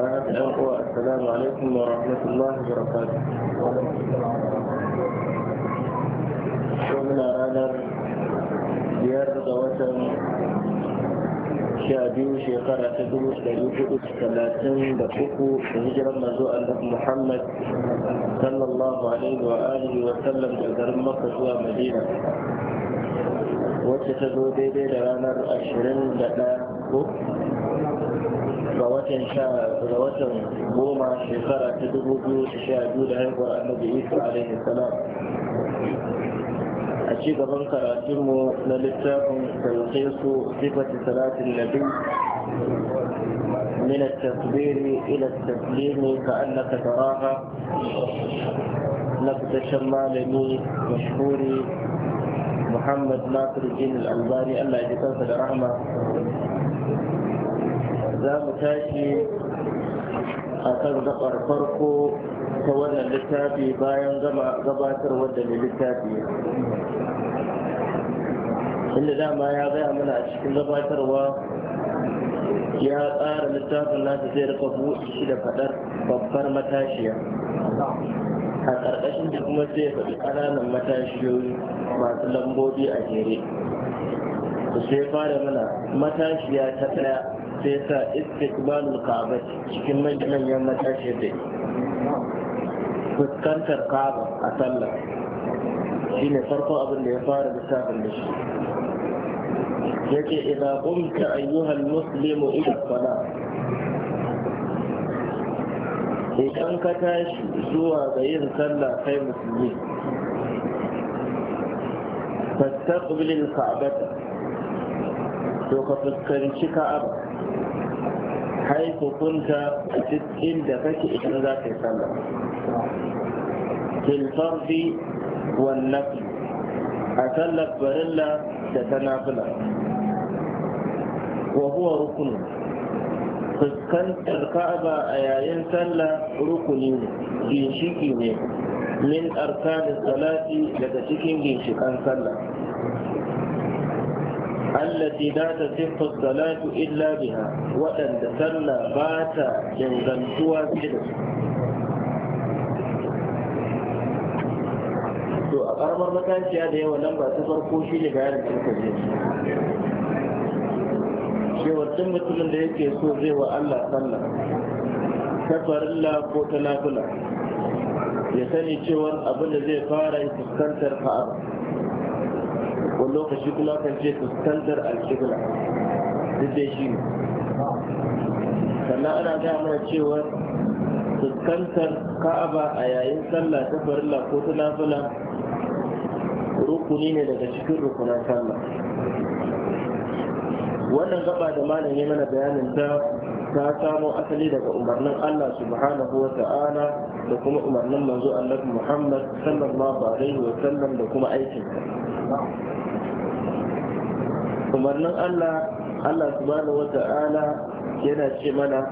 أدعو السلام عليكم ورحمة الله وبركاته. شوفنا رانا زيارة وسم شادي شيخارة دروس لجوء الثلاثين بحكو هجرة مزوء محمد صلى الله عليه وآله وسلم جزر مكة ومدينة. وتتبو دي رانا الأشرين لنا ga watan sha ga watan goma shekara ta dubu biyu da sha biyu da haihuwar annabi isa alaihi salam a ci gaban karatunmu na littafin talhisu sifati salatin nabi من التكبير إلى التسليم كأنك تراها لقد شمالني مشهوري محمد ناصر الدين الألباني الله يجزاك الرحمة za mu tashi a kan gabar farko ta wannan littafi bayan gabatar wadda mai littafi inda dama ya gaya mana a cikin gabatarwa ya tsara littafin nasa zai rika buɗe da faɗar babbar matashiya a ƙarƙashin da kuma sai faɗi ƙananan matashiyoyi masu lambobi a jere sai fara mana matashiya ta ɗaya sai sa istiqbalul ka'aba cikin manyan matashi da fuskantar ka'aba a sallah shine farko abin da ya fara lissafin da shi yake idan qumta ayyuhal muslimu ila salat idan ka tashi zuwa ga yin sallah kai musulmi fastaqbil ka'bata to ka fuskanci ka'aba haiku kunta a cikin da kake idan za ka yi sallah fil fardi wan a sallar barilla da ta nafila wa huwa rukunu fuskantar ka'aba a yayin sallah rukuni ne ginshiki ne min arkanin salati daga cikin ginshikan sallah التي لا تصح الصلاة إلا بها وأن تسلى بات ينزلتها كده to a karamar matashiya da yawa nan ba ta farko shi ne bayanin da kuka je cewar duk mutumin da yake so zai wa Allah sallah ta farilla ko ta nafila ya sani cewar abin da zai fara fuskantar ka'aba wani lokaci kuma kan ce fuskantar alƙibla duk da shi sannan ana gaya mana cewar fuskantar ka'aba a yayin sallah ta farilla ko ta nafila rukuni ne daga cikin rukunan sallah wannan gaba da malam ya mana bayanin ta ta samo asali daga umarnin Allah subhanahu wa ta'ala da kuma umarnin manzo Allah Muhammad sallallahu alaihi wa sallam da kuma aikinsa umarnin Allah Allah subhanahu wata'ala yana ce mana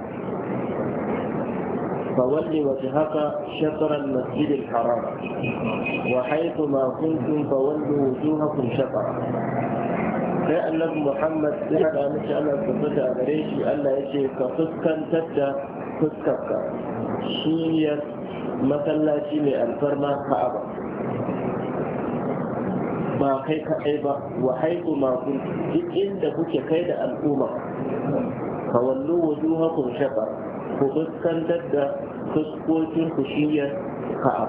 فولي وجهك شطر المسجد الحرام وحيث ما كنتم فولوا وجوهكم شطره sai annabi muhammad ya haɗa mace ana tabbata a gare shi allah ya ce ka fuskantar da fuskarka shiyar masallaci mai alfarma ka'aba ba kai kaɗai ba wa haiku makon duk inda kuke kai da al'umma ka wallo wajen hakun shaɓa ku fuskantar da fuskokin ku shiyar ka'a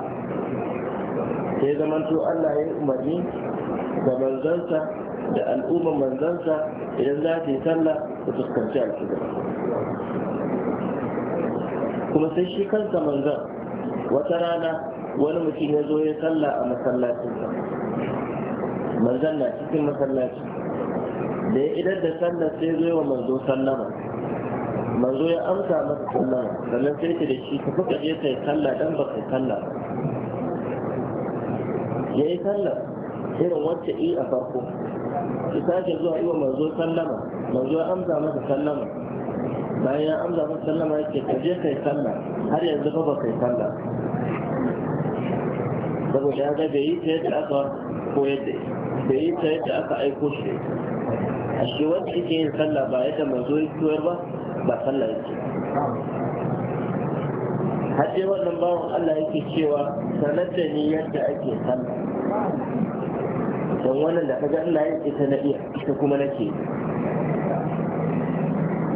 sai zamanto Allah ya umarni da manzansa da al'umman manzansa idan za ta yi sallah da fuskanci al'umma. kuma sai shi kansa manzan wata rana wani mutum ya zo ya sallah a masallacin manzan na cikin masallaci da ya idar da sallar sai zo wa manzo sallama manzo ya amsa masa sallama sannan sai ta da shi ka kuka je kai sallah dan ba kai sallah ya yi sallah irin wacce yi a farko ki sake zuwa yi wa manzo sallama manzo ya amsa masa sallama bayan ya amsa masa sallama ya ce ka je kai sallah har yanzu ba kai sallah saboda ya ga bai yi ta yadda aka koyar da ita bai yi ta yadda aka aiko shi a shi wanda yake yin sallah ba yadda manzo yi koyar ba ba sallah yake har dai wannan bawan Allah yake cewa sanar da ni yadda ake sallah don wannan da kaga Allah ya ita na iya ita kuma nake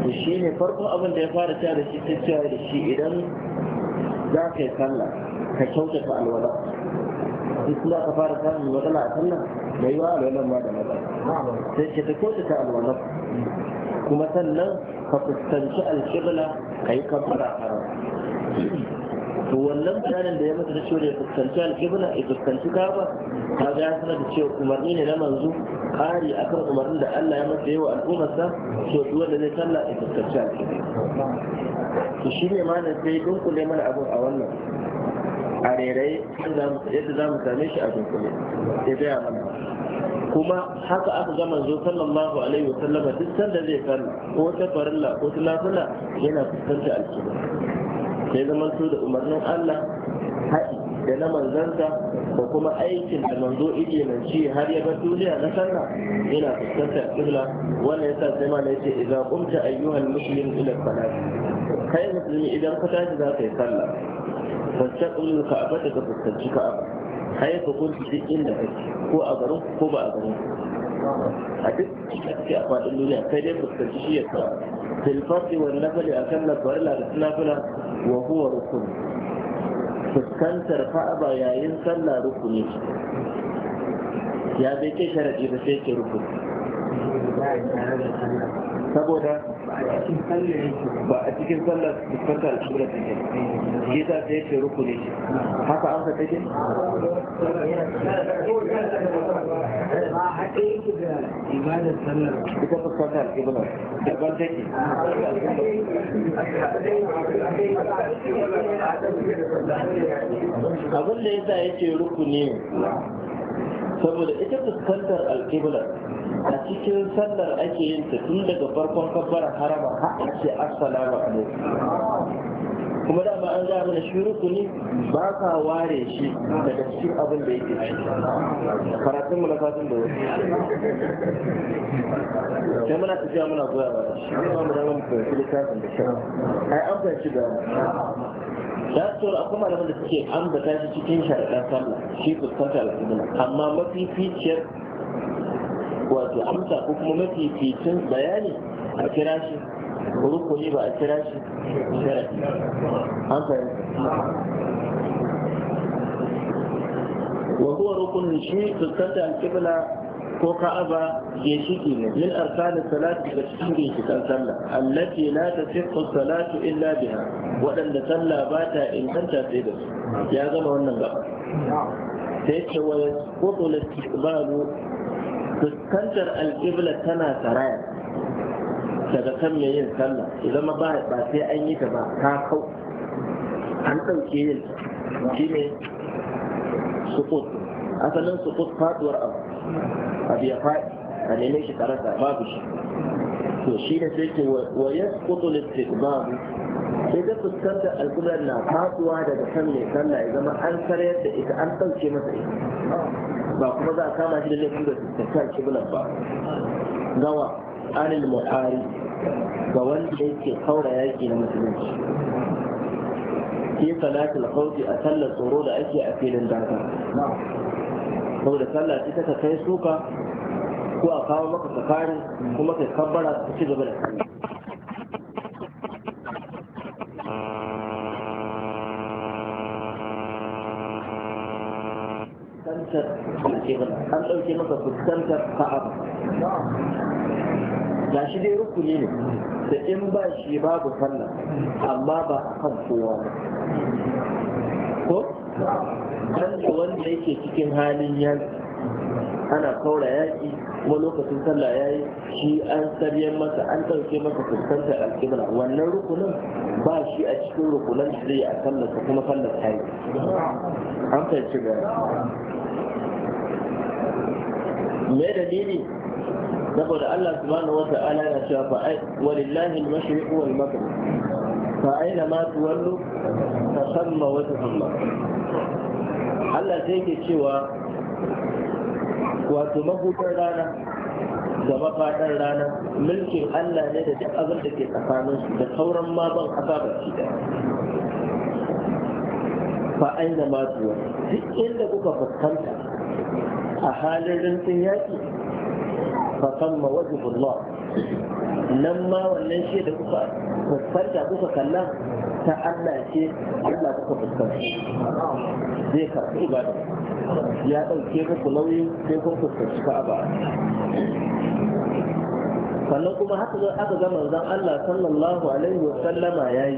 to shi ne farko abin da ya fara ta da shi ta cewa da shi idan za ka yi sallah ka kyautata alwala duk kuma fara samun matsala a sannan mai yiwa alwalan ma da matsala sai ke ta kyauta ta alwalan kuma sannan ka fuskanci alkibla ka yi kafara haram to wannan bayanin da ya mata da cewa ya fuskanci alkibla ya fuskanci kaba ka ga ya sanar da cewa umarni ne na manzo kari kan umarnin da Allah ya mata yawa al'ummarsa to duk wanda zai sallah ya fuskanci alkibla to shi ne ma na sai dunkule mana abin a wannan a rerai yadda za mu same shi a dunkule ya gaya mana kuma haka aka gama zo sallallahu alaihi wa sallama duk sanda zai kan ko ta farilla ko ta lafula yana fuskantar alkiyar sai zama su da umarnin Allah haɗi da na manzanta da kuma aikin da manzo ije nan ci har ya bar duniya na sanna yana fuskantar kibla wannan yasa sai ma na yace idza qumta ayyuhal muslim ila salat kai musulmi idan ka tashi za ka yi sallah fastaqbil ka'aba daga fuskanci ka'aba kai ka kunta duk inda kake ko a garin ko ba a garin a duk kake a faɗin duniya kai dai fuskanci shi ya kawo filfarti wa nafali a kan lafarila da sunafila wa huwa rukun fuskantar ka'aba yayin sallah rukuni ya bai kai sharaɗi ba sai ke rukuni saboda a cikin sallar ba a cikin sallar fuskanta al-qibla take shi ta sai ce ruku ne haka an ka take yake da ita fuskanta take abin da yake ruku ne saboda ita fuskantar alƙibla a cikin sallar ake yin ta tun daga farkon kabbara harama har ce assalamu alaikum kuma da ba an ga mana ku ne, ba ka ware shi daga cikin abin da yake ciki karatun mu na fatin da wani sai muna tafiya muna goya ba shi ba mu da mun fahimci littafin da shi ai an fahimci da za su tura akwai malaman da suke ambata shi cikin sharaɗan sallah shi fuskanta alƙibla amma mafificiyar wato amsa ko kuma mafificin bayani a kira shi rukuni ba a kira shi sharaɗi an fahimta وهو ركن شيء تستطيع القبلة ko ka ka'aba ya shige ne min arkanin salati da cikin ginshikan sallah allati la tasihhu salatu illa biha waɗanda sallah ba ta inganta sai da su ya zama wannan gaba sai ce wa yasqutu al-istiqbalu fuskantar al-qibla tana saraya daga kan mai yin sallah idan ba ba sai an yi ta ba ta kau an ɗauke yin shine sukut asalin sukut faduwar abu abu ya faɗi a neme shi karasa babu shi to shi ne sai ce wa ya kutu babu sai ta fuskanta alƙular na fasuwa daga kan mai sallah ya zama an sarayar da ita an ɗauke masa ita ba kuma za a kama shi da laifin da fuskantar kiblan ba gawa anil muhari ga wanda yake kaura yaƙi na musulunci fi salatul khawfi a sallar tsoro da ake a filin daga saboda sallah ita ka kai suka ko a kawo maka tsakanin kuma kai kabbara ka ci gaba da an ɗauke maka ka ka'aba ga shi dai rukuni ne da in ba shi babu sallah amma ba a kan kowa ko da wanda yake cikin halin ya ana kaura yaƙi kuma lokacin sallah yayi shi an sarye masa an ɗauke masa fuskantar alƙibla wannan rukunin ba shi a cikin rukunan da zai a sallarsa kuma sallar ta yi an fahimci ga me dalili saboda Allah subhanahu wa ta'ala ya cewa fa ai walillahi al mashriqu wal maghrib fa aina ma tuwallu fa thamma wa thamma Allah sai ke cewa wato mahutar rana da mafaɗar rana mulkin Allah ne da duk abin da ke tsakanin su da sauran ma ban ƙasa ba shi da fa aina ma zuwa duk inda kuka fuskanta a halin rintsin yaƙi fa kan ma wajibullah nan ma wannan shi da kuka fuskanta kuka kalla ta Allah ce Allah kuka fuskanta zai karɓi ibada ya ɗauke muku nauyin sai kun fuskanci ka'aba sannan kuma haka zai aka ga manzon Allah sallallahu alaihi wa sallama yayi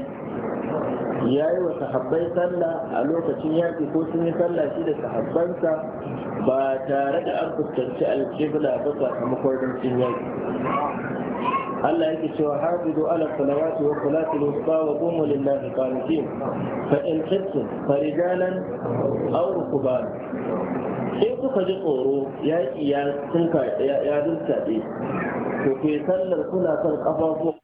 yayi wa sahabbai sallah a lokacin yaki ko sun yi sallah shi da sahabbansa ba tare da an fuskanci alƙibla ba sakamakon rincin yaki. Allah yake cewa hafizu ala salawati wa salati al-wusta wa qumu lillahi qanitin fa in khiftum farijalan aw rukban sai kuka ji tsoro ya ya tunka ya duntaɗe to ku sallar kuna san kafafu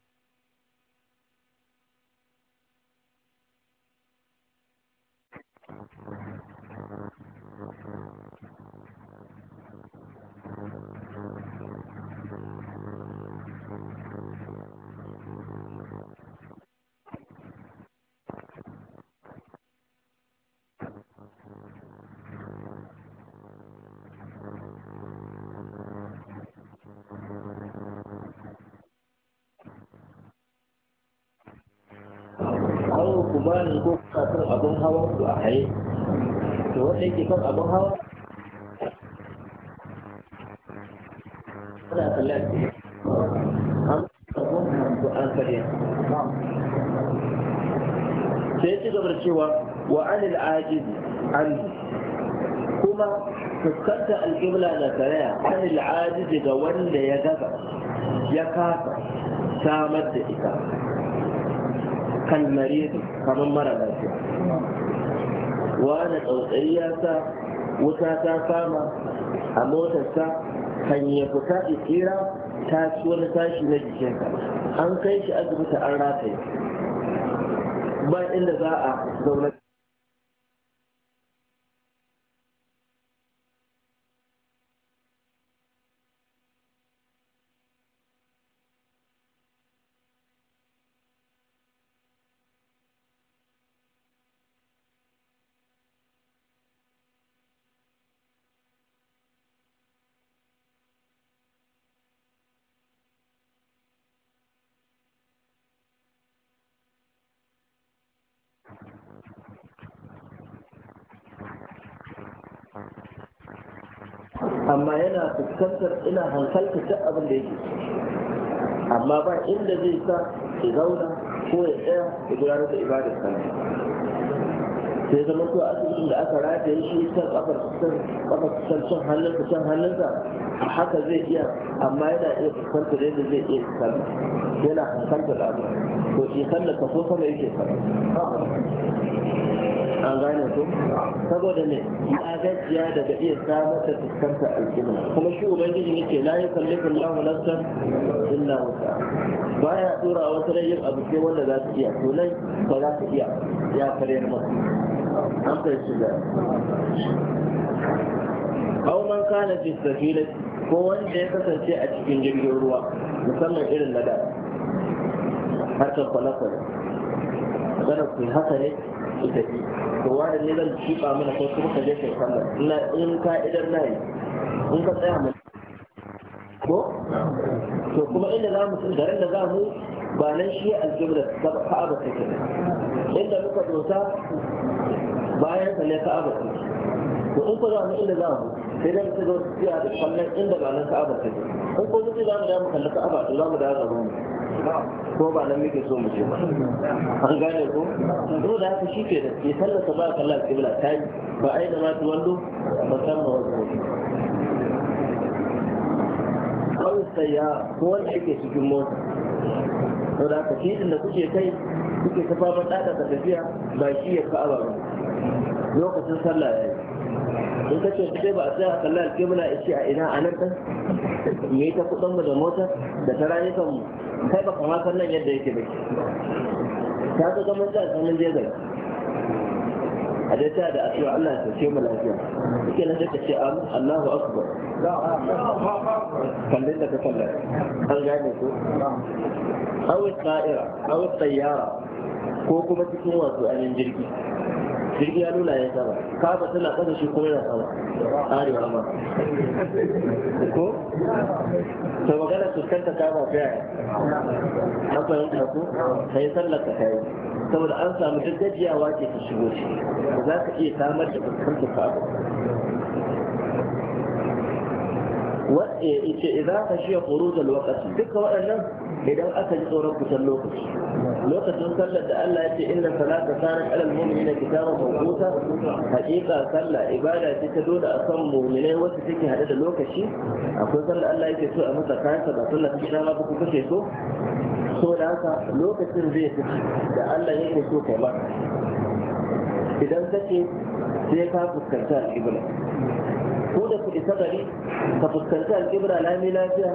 haye to wanda yake kan abin hawa ana salati an tabo ko an kariya sai ci gaba cewa wa anil ajiz an kuma fuskanta alƙibla na karaya anil ajiz ga wanda ya gaza ya kasa samar da ita kan mare kamar mara lafiya wani tsautsayi ya sa wuta ta kama a motarsa kan ya fita tsira ta ci wani tashi na jikinka an kai shi asibiti an rataye ba inda za a zaune amma yana fuskantar ina hankalta duk abin da yake amma ba inda zai sa ya zauna ko ya tsaya ya gudanar da ibadar sa sai zama to asibitin da aka rataye shi kan kafar kan kafar kan can hannunsa can hannunsa haka zai iya amma yana iya fuskantar yadda zai iya sallah yana hankalta da abu to shi sallah ka ko sama yake sallah an gane ku saboda ne ya gajiya daga iya samar da fuskanta alƙibla kuma shi ubangiji ne ke la yi lahu nafsan illa wusa baya tura wata rai abu sai wanda za su iya to ba za su iya ya karyar masu an fahimci da aw man kana fi safila ko wanda ya kasance a cikin jirgin ruwa musamman irin na da harkar kwale magana ku haka ne ita tafi to wani ne zan tuba mana ko kuma ka je ka sallah ina in ka idan nayi, in ka tsaya mana ko to kuma inda za mu garin da za mu ba nan shi aljibla ka'aba take inda muka dosa bayan ka ne ka'aba take to in ko za mu inda za mu sai dai muka zo tsaya da kallon inda ba nan ka'aba take in ko duk za mu da mu kalli ka'aba to za mu da gaba mu ko ba nan muke so mu ce ba an gane ko to da haka shi ke da ke sallata ba kallon kibla ta yi ba aina ma ta wando ba san ma wasu kawai saya ko wanda yake cikin mota to da haka shi da kuke kai kuke ta faman ɗaɗa ka tafiya ba shi ya ka'aba ba lokacin sallah ya yi in ka ce sai ba a tsaya kallon alkibla ya ce a ina a nan ɗan me ta kuɗin mu da mota da ta rayukan mu kai ba kama san nan yadda yake ba ta ga gaman ta sanin jeza a dai ta da asuwa Allah ya ce mu lafiya suke nan ta ce am Allahu akbar kallin da ka kalla an gane ko awi sa'ira awi sayyara ko kuma cikin wasu anin jirgi jirgi ya nuna ya sama kafa tana kasa shi kuma yana sama arewa ma ko to magana fuskanta ta ba fiya an fahimta ko sai sallar ka kai saboda an samu duk gajiyawa ce ta shigo shi za ka iya samar da fuskanta ka abu wa ce idan ka shi ya koro da lokaci duka waɗannan idan aka ji tsoron fitar lokaci lokacin sallar da Allah ya ce inna salata kanat alal mu'minina kitaban mawquta haƙiƙa sallah ibada ce ta dole a san mu'minai wacce take hada da lokaci akwai sallar Allah yake so a masa kayansa ba sallar kira ma ba ku kace so so da haka lokacin zai fi da Allah yake so kai ba idan kace sai ka fuskanta alƙibla ko da ku isa ka fuskanta alƙibla lami lafiya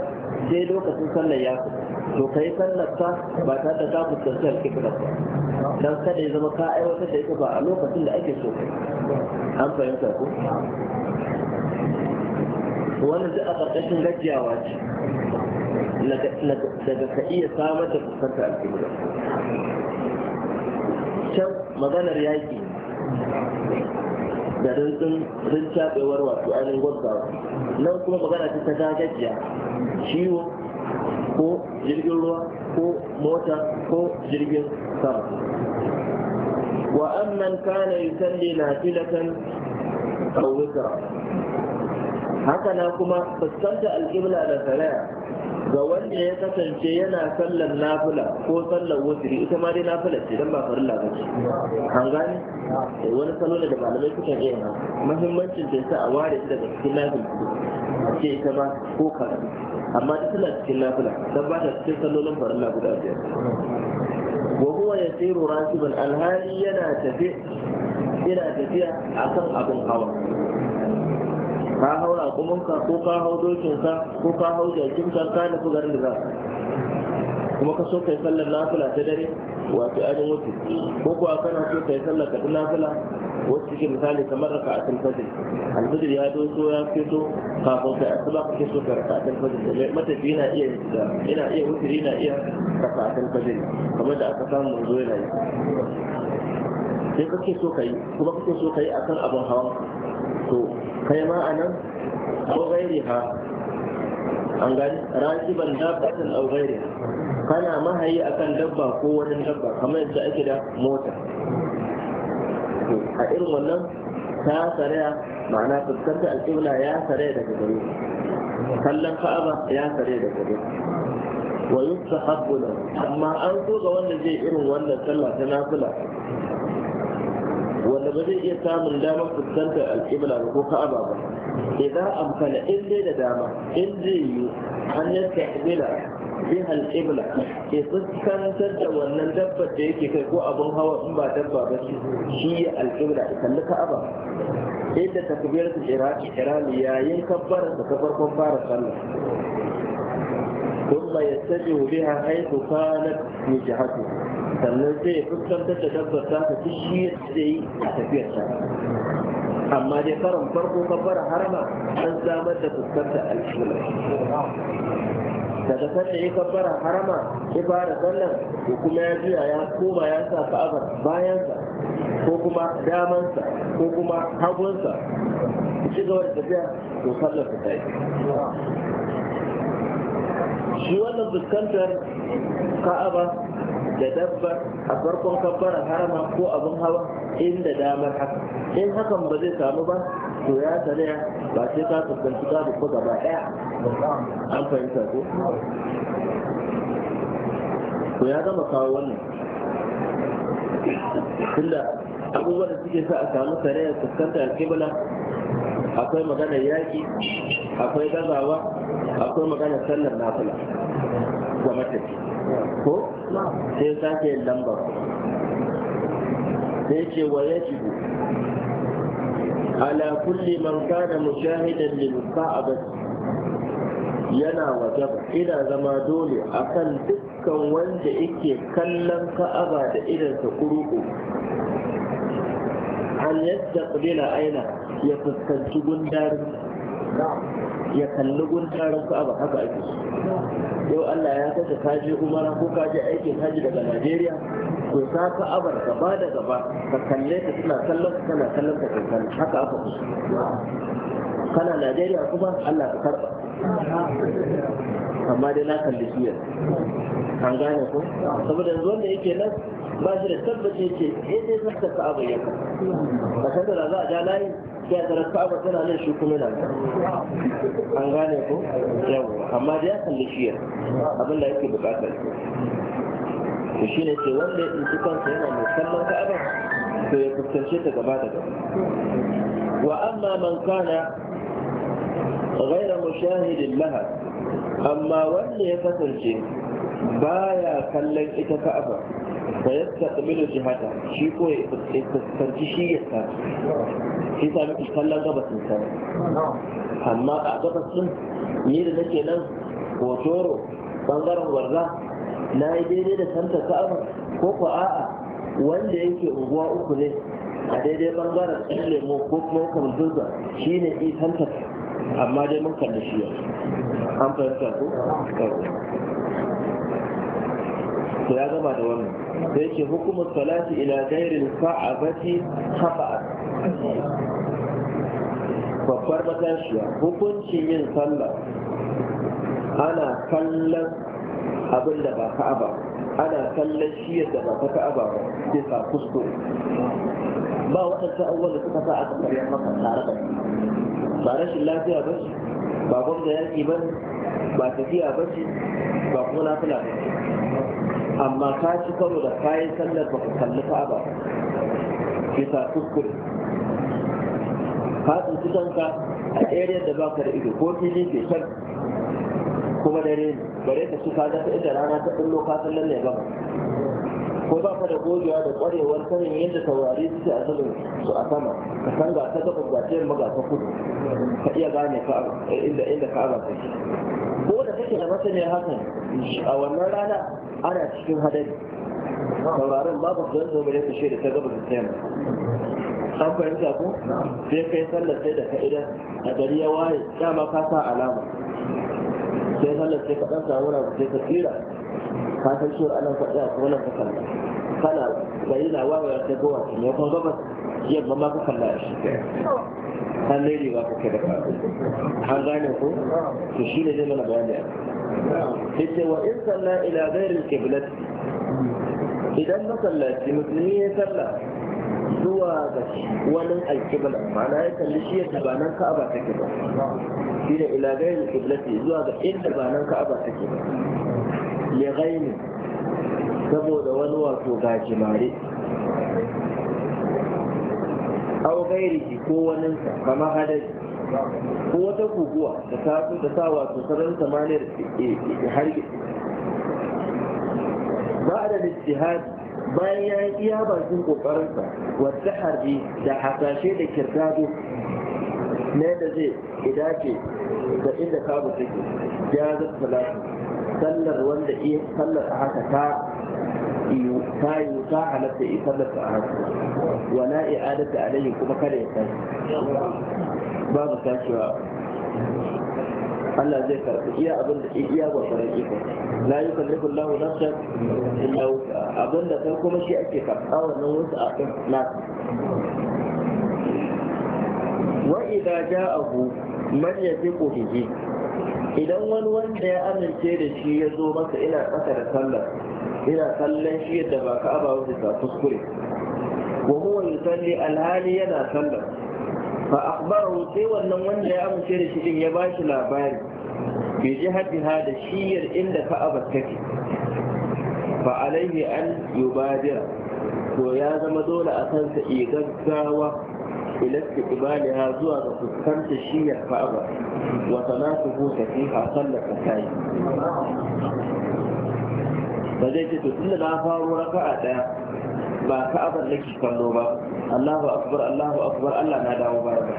sai lokacin sallar ya fita to ka yi sallarka ba tare da ka fuskanci alƙiblar ba don kada ya zama ka aiwatar da ita ba a lokacin da ake so an fahimta ko wannan duk a ƙarƙashin gajiyawa ce daga ka iya samar da fuskanta alƙiblar can maganar yaƙi da rintsin rincaɓewar wato ainihin gwaggawa nan kuma magana ta ta gajiya ciwo ko jirgin ruwa ko mota ko jirgin sama wa amman kana yusalli nafilatan aw witra haka na kuma fuskanta alƙibla da saraya ga wanda ya kasance yana sallar nafila ko sallar wutri ita ma dai nafila ce dan ba farilla ba ce an gane eh, wani salo ne da malamai suka iya muhimmancin da sa a ware daga cikin nafila a ce ita ba ko ka amma duk tana cikin nafila dan ba ta cikin sallolin farilla guda biyar wa huwa yasiru rasiban alhali yana tafi yana tafiya akan abin hawa ka haura raƙuminka ko ka hau dokinka ko ka hau jakinka ka nufi garin da za kuma ka so kai sallar nafila ta dare wato ainihin wuce ko kuwa kana so kai sallar ta nafila wasu suke misali kamar raka a tilfajir alfajir ya doso ya fito kafin kai asuba kake so ka raka a tilfajir matafi na iya yana iya wuturi na iya raka a tilfajir kamar da aka samu manzo yana yi sai kake so ka yi kuma kake so ka yi akan abin hawan to kai ma a nan ko gairi ha an gani rajiban dabbatan au gairi kana mahayi akan dabba ko wani dabba kamar yadda ake da mota to a irin wannan ta saraya ma'ana fuskantar alƙibla ya saraya daga gare kallon ka'aba ya saraya daga gare wa yustahabbu lahu amma an so ga wanda zai irin wannan sallah ta nafila wanda ba zai iya samun damar fuskantar alƙibla ko ka'aba ba idan amfana in dai da dama in zai yi an yasta ƙibla bihal qibla ke fuskantar da wannan dabbar da yake kai ko abin hawa in ba dabba ba shi ya alqibla kalli ka'aba inda takbiyar ta iraki irami yayin kabbara da ta farkon fara sallah ثم يتجه بها حيث كانت وجهته sannan sai ya fuskantar da dabbar ta ta shi da yi a tafiyar ta amma dai karon farko kabbara harama an samar da fuskantar alƙibla daga sanda ya kabbara harama ya fara sallan ko kuma ya juya ya koma ya sa ka'abar bayansa ko kuma damansa ko kuma hagunsa ci gaba da tafiya to sallar ta tai shi wannan fuskantar ka'aba da dabba a farkon kabbara harama ko abin hawa inda damar haka in hakan ba zai samu ba to ya tare ba sai ka tsakanci ka dubba gaba daya an fahimta ko to ya gama kawo wannan tunda abubuwan da suke sa a samu tare da fuskanta a kibla akwai maganar yaƙi akwai gazawa akwai maganar sallar nafila ga matafi ko sai sake yin lamba sai ce wa ya على كل من كان مشاهدا للمصاعبة yana wajen. ina zama dole akan dukkan wanda yake kallon ka'aba da idansa kuruku an yadda kabila aina ya fuskanci gundarin ya kalli gundarin ka'aba haka ake yau Allah ya kasa kaje umara ko kaje aikin haji daga Najeriya to ta ka'abar gaba da gaba ka kalle ta suna kallon ka kana kallon ka kan haka aka kusa kana Najeriya kuma Allah ka karba amma dai na kalli shi an gane ko saboda yanzu wanda yake nan ba shi da tabbaci yake eh dai za ka ka'aba ya ka san da za a ja layi sai a tarar ka'aba tana nan shi kuma nan an gane ko yawa amma dai ya kalli shi abin da yake bukatar to shine ce wanda ya tsinci kansa yana mai kallon ka'aba to ya fuskance ta gaba da gaba wa amma man kana ghayra mushahidin laha amma wanda ya kasance baya kallon ita ka'aba fa yastaqbilu jihata shi ko ya fuskanci shi ya sa shi sa miki kallon gabasin sa amma a gabasin ni da nake nan hotoro bangaren warza na yi daidai da santa ka'abar ko ko a'a wanda yake unguwa uku ne a daidai bangaren ɗan lemo ko kuma wakar zurga shi ne ɗi santa amma dai mun kalli shi yau an fahimta ko ko ya gama da wannan da yake hukumar salati ila gairin fa'abati haba'a babbar matashiya hukuncin yin sallah ana kallon abin da ba ka'aba ana kallon shi yadda ba ta ka'aba ba sai ka kusto ba waɗansu abubuwan da suka sa aka karya maka tare da ba rashin lafiya ba shi, ba da yaƙi ba ba tafiya ba shi, ba kuma na kula ba shi. amma ka ci karo da kayan sallar ba ka kalli ka'aba bisa kuskure ka tsinci kanka a ɗaya da baka da ido ko fili ke can kuma dare ne bare ka su kaga ta inda rana ta ɗullo ka san lalle ba ko ba ka da gogewa da ƙwarewar sanin yadda taurari suke a zubin su a sama ka san ga ta gaba ga ta yamma ga ta kudu ka iya gane ka eh, inda inda ka aba kake ko da kake da masaniyar hakan a wannan rana ana cikin hadari taurarin babu don zo bare ka shaida ta gaba da ta yamma an fahimta ko sai kai sallar sai da ka idan a gari ya waye dama ka sa alama kai sallar sai ka samu na sai ka tsira ka san shi ana faɗi a kowane ka kalla kana gari na wawaya sai kowa ne kuma gabas yamma ma ka kalla shi kan ne ba ka kai da kasu an gane ko to shi ne zai mana bayani a yace wa in salla ila ghairil qiblat idan masallaci musulmi ya sallah zuwa ga wani alkibla ma'ana ya kalli shi yadda ba nan ka'aba take ba shi ne ila gairi kiblati zuwa ga inda ba nan ka'aba take ba ya gaini saboda wani wato gajimare au gairi ko waninsa kama hadari ko wata guguwa da ta da sa wato sararin samaniyar eh, eh, har ba da istihadi bayan ya yi iya bakin kokarinsa wata harbi da hasashe da kirtado na yadda zai idace da inda kabu take ya zai salatu sallar wanda iya sallar a haka ta iyu ta yi ta halatta iya sallar ta haka wala i'adata alayhi kuma kada ya tashi babu tashiwa Allah zai karɓi iya abin da iya gwargwaron ikon la yukallifu Allahu nafsan illa abinda kai kuma shi ake karɓa wannan wasu a kan na wa idza ja'ahu man yathiqu bihi idan wani wanda ya amince da shi ya zo masa ina ƙasa da sallar ina kallon shi yadda ba ka aba wanda ta kuskure wa huwa yusalli alhali yana sallar fa akhbarahu sai wannan wanda ya amince da shi din ya bashi labari في جهة هذا الشيء إلا فأبت كفي فعليه أن يبادر ويا زمدول دولة أتنسى إيجاز إلى هذا الرسول خمس الشيء فأبت وتناسبه تفيها صلى فتاي فجيت تقول لا فارو ركعة ما كأبا لك صلوا با الله أكبر الله أكبر الله نادى مبارك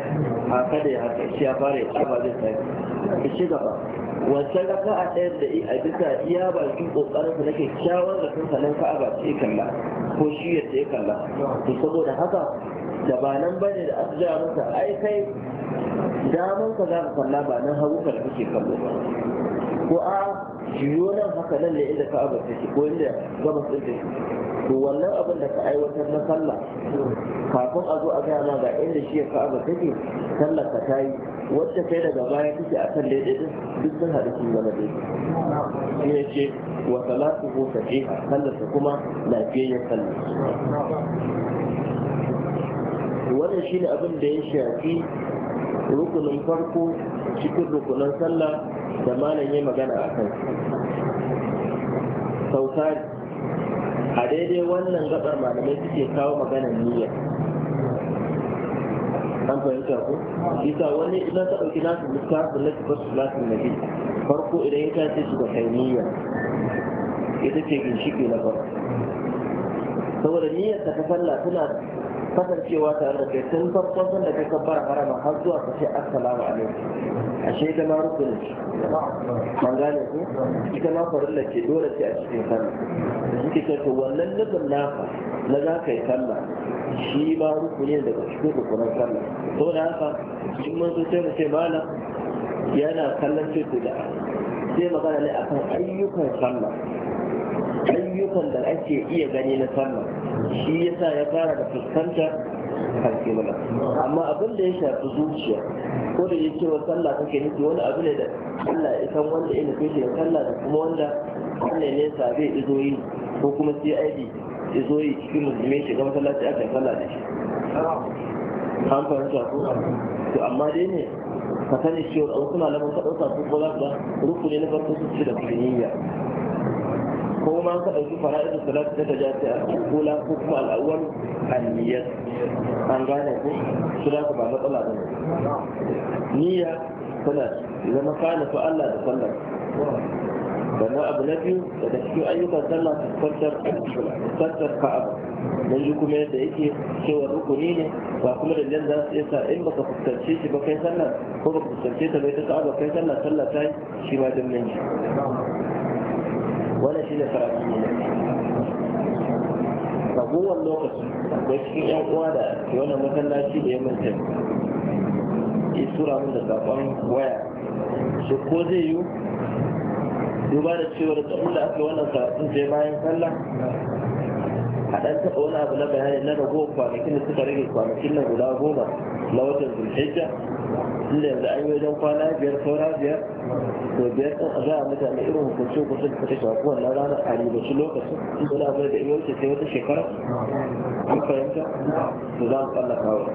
هكذا يا هكذا الشيء فارق أبا ذي الشيء wacce a ɗayan da a bisa iya bakin su na kyakkyawar da kansa nan ka'aba ce kalla ko shi ya ce kalla to saboda haka da ba nan ne da aka ja masa ai kai daman ka za ka kalla ba nan hagu ka da kake kallo ba ko a jiyo nan haka nan ne inda ka'aba take ko inda gabas ɗin take to wannan abin da ka aiwatar na sallah kafin a zo a gaya ma ga inda shi ya ka'aba take sallar ka ta yi wacce kai daga baya kake a kan daidai din duk sun haɗu daidai shi ce wa salatu ko sahiha sallar ta kuma lafiyayyar sallar wannan shi ne abin da ya shafi rukunin farko cikin rukunin sallah da malam ya magana a kan sautari a daidai wannan gabar malamai suke kawo maganar niyya an fahimta ku? isa wani idan ta ɗauki nasu littafin na tafi su nasu nabi farko idan ya tashi su ga kai ita ce ginshiƙi na farko saboda niyyar ta ta sallah tana kasancewa tare da kai tun farkon sun da kai ka fara harama har zuwa ka ce assalamu alaikum ashe ita ma rukun ce ban gane ku ita ma farilla ce dole ce a cikin sallah da suke kai to wannan nufin naka na za ka yi sallah shi ma rukuni daga cikin rukunan sallah saboda haka in mun so sai mu ce malam yana kallon ce da sai magana ne akan ayyukan sallah ayyukan da ake iya gani na sallah shi yasa ya fara da fuskanta harke mana amma abin da ya shafi zuciya ko da ya wa sallah kake nufi wani abu ne da Allah ya san wanda ya nufi shi sallah da kuma wanda Allah ne sa zai izo yi ko kuma sai aidi izo yi cikin musulmi shiga masallaci aka yi sallah da shi an fahimta ko to amma dai ne ka sani cewa wasu malaman ka ɗauka ko ba za ka rukuni na farko su ci da kuliyya ko ma ka ɗauki fara'idu salatu ta tajati a kula ko kuma al'awwal anniyyat an gane ko su da ba matsala ba ne niyya tana zama kana fa Allah da sallar sannan abu na biyu daga cikin ayyukan sallah fuskantar fuskantar ka'aba don yi kuma yadda yake cewa rukuni ne ba kuma da dalilan za su isa in baka fuskance shi ba kai sallah ko baka fuskance ta bai ta ka'aba kai sallah sallah ta yi shi ma dimmin shi wani shi da karatu ne ragowar lokaci akwai cikin yan uwa da ke masallaci da ya mace ya tura min da sakon waya shi ko zai yiwu duba da cewar da aka yi wannan karatun sai bayan sallah haɗan taɓa wani abu na bayani na rago kwanakin da suka rage kwanakin na guda goma na watan zulhijja inda yanzu an yi wajen kwana biyar saura biyar to biyar ɗin a gaya mutane irin hukuncin kusa da suka shafi wannan ranar a ribaci lokacin inda wani abu da iya wuce sai wata shekara an fahimta to za mu tsallaka wa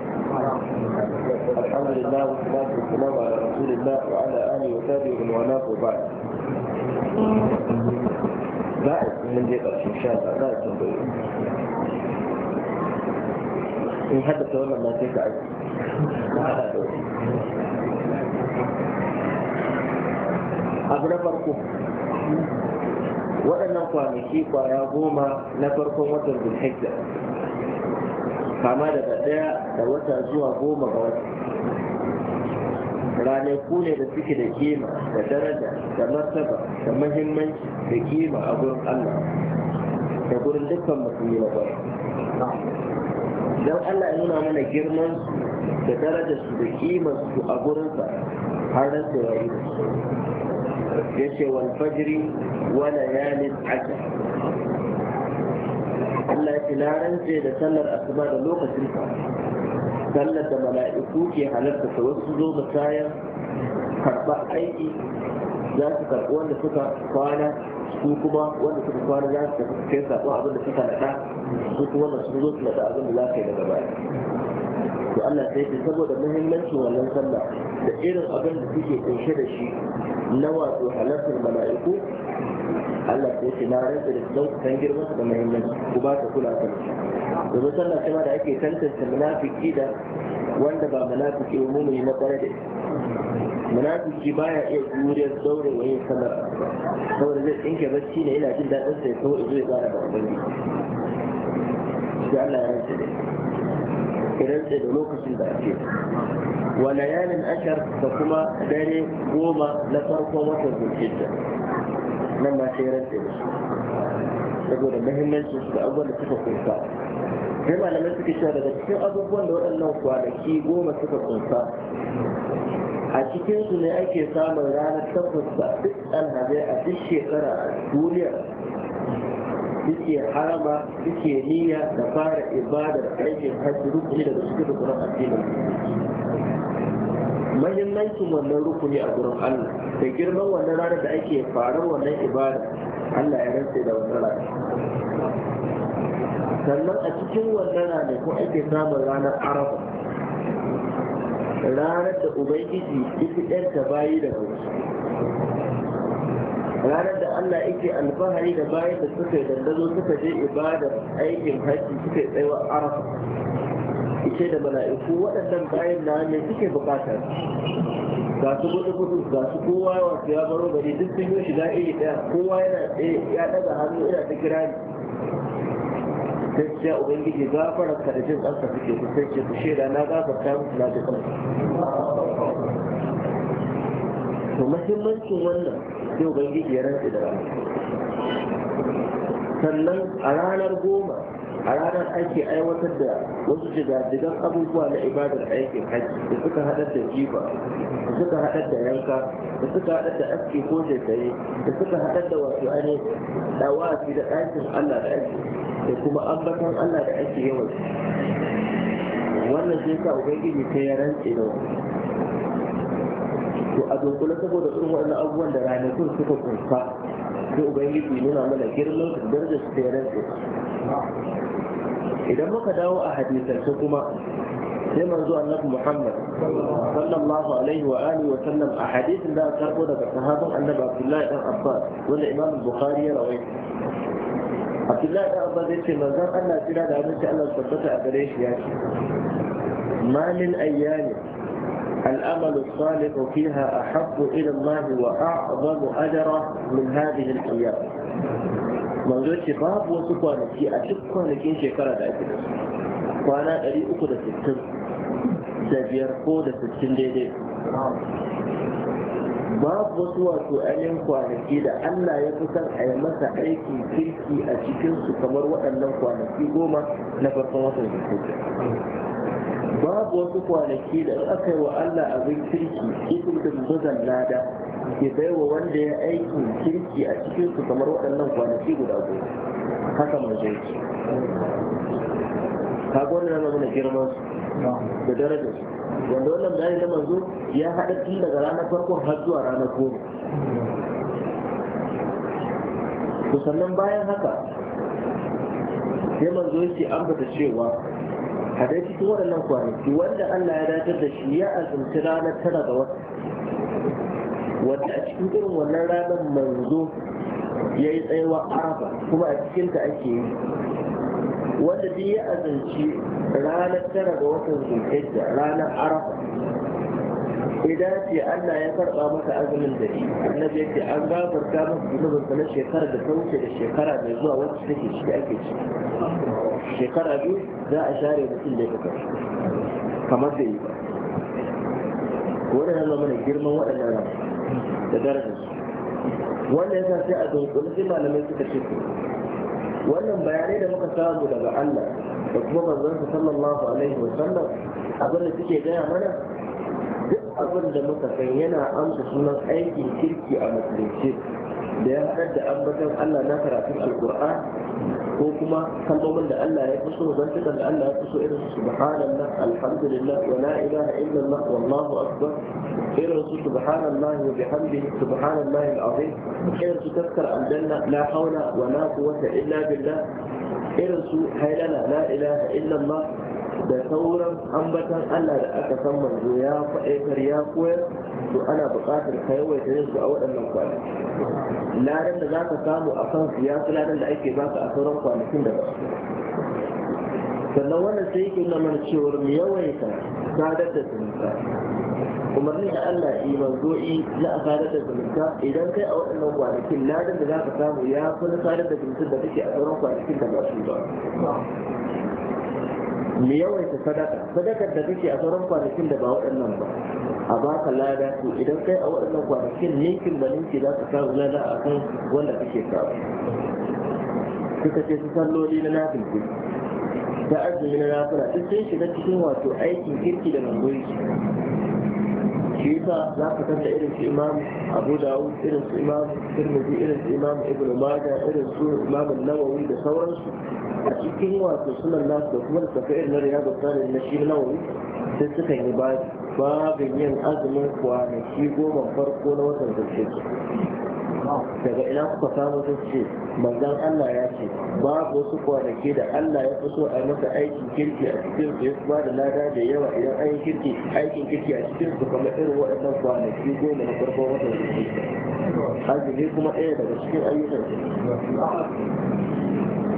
alhamdulillah wa salatu wa salam ala rasulillah wa ala alihi wa sahbihi wa man wala wa ba'd za a yi mun je ƙarshen sha za a tambaye in haddasa wannan ma sai ka aiki abu na farko waɗannan kwanaki kwaya goma na farkon watan zulhijja kama daga ɗaya da wata zuwa goma ga wata ranaku ne da suke da kima da daraja da martaba da mahimmanci da kima a gurin Allah da gurin dukkan musulmi na kwarai don Allah ya nuna mana girman da darajar su da kimar su a gurinsa har da su yayi ya ce wal fajri wa layalin ashr Allah ya ce na rantse da sallar asuba da lokacin sa sallar da mala'iku ke halarta ta wasu zo da kayan karɓar aiki za su karɓi wanda suka kwana su kuma wanda suka kwana za su tafi kai saƙo abin suka naɗa su kuma wanda sun zo su naɗa abin da za su yi daga baya to Allah sai ce saboda muhimmancin wannan sallah da irin abin da suke kunshe da shi na wato halartar mala'iku Allah sai ce na rantsa da don san girman da muhimmanci ku ba ta kula da shi domin sallah ce ma da ake tantance munafiki da wanda ba munafiki ba mu ne na kwarai da munafiki baya iya juriyar daurewa yin sallar saboda zai tsinke bacci ne yana jin daɗin sai ko izo ya tsara da ubangiji sai Allah ya rantsa da ya rantsa da lokacin da ake wa layalin ashar da kuma dare goma na farkon watan zulhijja nan ma sai rantsa da su saboda muhimmancin su da abubuwan da suka kunsa sai malamai suke cewa daga cikin abubuwan da waɗannan kwanaki goma suka kunsa a cikin su ne ake samun ranar takwas ba duk alhazai a duk shekara a duniya suke harama suke niyya da fara ibadar aikin hajji rukuni daga cikin rukunin addinin mahimmancin wannan rukuni a gurin Allah da girman wannan ranar da ake farar wannan ibadar Allah ya rantse da wannan ranar sannan a cikin wannan ranar ko ake samun ranar arafa. ranar da ubangiji ita ɗan ta bayi da gauci ranar da Allah yake alfahari da bayan da suka yi dandazo suka je ibadar aikin hajji suka yi tsayawa arafa ita da mala'iku waɗannan bayan na ne suke bukatar ga su gudu gudu ga su kowa wasu ya baro gari duk sun yi shiga iri ɗaya kowa yana ya ɗaga hannu yana ta kira ne gaskiya ubangiji gafara ka da jin tsarka suke ku sai ce ku shaida na gafarta musu na dukkan to muhimmancin wannan sai ubangiji ya rantsi da rana sannan a ranar goma a ranar ake aiwatar da wasu jigajigan abubuwa na ibadar aikin hajji da suka haɗar da jifa da suka haɗar da yanka da suka haɗar da aski ko jajaye da suka haɗar da wato ainihin dawafi da ɗakin allah da aiki da kuma ambatan Allah da ake yawan wannan sai ka ubangiji sai ya rantse da wani to a dunkule saboda irin wannan abubuwan da ranakun suka kunsa sai ubangiji nuna mana girman da darajar su sai ya rantse idan muka dawo a hadisance kuma sai manzo annabi Muhammad sallallahu alaihi wa alihi wa sallam a hadisin da aka karbo daga sahaban annabi Abdullahi dan Abbas wanda Imam Bukhari ya rawaita Abdullahi da Allah da ce manzon Allah tsira da hannunsa Allah su tabbata a gare shi ya ce. Malin ayyani الأمل الصالح فيها أحب إلى الله وأعظم أجرا من هذه الأيام. منظور شباب وسكوان في أشكوان لكن شكرا لكن وأنا أريد أخذ السكر سبير قودة السندية babu wasu wato ainihin kwanaki da Allah ya fi san a yi masa aiki kirki a cikinsu kamar waɗannan kwanaki goma na farkon watan zuciya babu wasu kwanaki da in aka yi wa Allah abin kirki ikul da muzan lada ke baiwa wanda ya aiki kirki a cikinsu kamar waɗannan kwanaki guda goma haka mai kaga wannan nuna girman su da daraja su wanda wannan bayani na manzo ya hada tun daga ranar farkon har zuwa ranar goma to sannan bayan haka sai manzo yake ambata cewa a dai cikin waɗannan kwanaki wanda Allah ya dace da shi ya azumci ranar tara ga wata wanda a cikin irin wannan ranar manzo ya yi tsayawa arafa kuma a cikinta ake yi wanda duk ya azanci ranar tara ga watan zulhijja ranar arafa idan ce Allah ya karɓa masa azumin da shi annabi yake an gafarta masa zunubin sa na shekara da ta wuce da shekara mai zuwa wacce take shi ake ci shekara biyu za a share mutum da ya kamar da yi ba wani ya zama girman waɗannan rana da darajar su wanda ya sa sai a dunkule sai malamai suka ce wannan bayanai da muka samu daga Allah da kuma manzansa sallallahu alaihi wa sallam abin da suke gaya mana duk abin da muka san yana amsa sunan aikin kirki a musulunci da ya haɗar da ambaton Allah na karatun Alƙur'an ko kuma kalmomin da Allah ya fi so zantukan da Allah ya fi so irin su subhanallah alhamdulillah wa la ilaha illallah wallahu akbar irin su subhanallah wa bihamdihi subhanallah alazim irin su tafkar aljanna la hawla wa la quwwata illa billah irin su haylala la ilaha illallah da sauran ambatan Allah da aka san manzo ya faɗe ya koyar to ana buƙatar ka yawaita yin su a waɗannan kwanaki larin da za ka samu a kan su ya fi ladan da ake baka a sauran kwanakin da ba sannan wannan sai yake nuna mana cewa mu yawaita sadar da zumunta umarni da Allah yi manzo'i na a sadar da zumunta idan kai a waɗannan kwanakin larin da za ka samu ya fi sadar da zumunta da kake a sauran kwanakin da ba su ba mu yawaita sadaka sadakar da take a sauran kwanakin da ba waɗannan ba a baka lada to idan kai a waɗannan kwanakin ninkin da ninki za ka samu lada a kan wanda kake samu suka ce su salloli na nafin ta azumi na nafina duk sun shiga cikin wato aikin kirki da mangoyi shi yasa za ka kanta irin su imam abu dawud irin su imam tirmidhi irin su imam ibn maja irin su imam nawawi da sauransu a cikin wato sunan nasu da kuma da tafi irin na riyadu sanin na shi nawawi sai suka yi ba babin yin azumin kwanaki goma farko na watan zarce daga ina kuka samu sun ce manzan allah ya ce babu wasu kwanaki da Allah ya fi so a masa aikin kirki a cikin su ya ba da lada da yawa idan an yi kirki aikin kirki a cikin su kamar irin waɗannan kwanaki goma na farkon watan azumi kuma ɗaya daga cikin ayyukan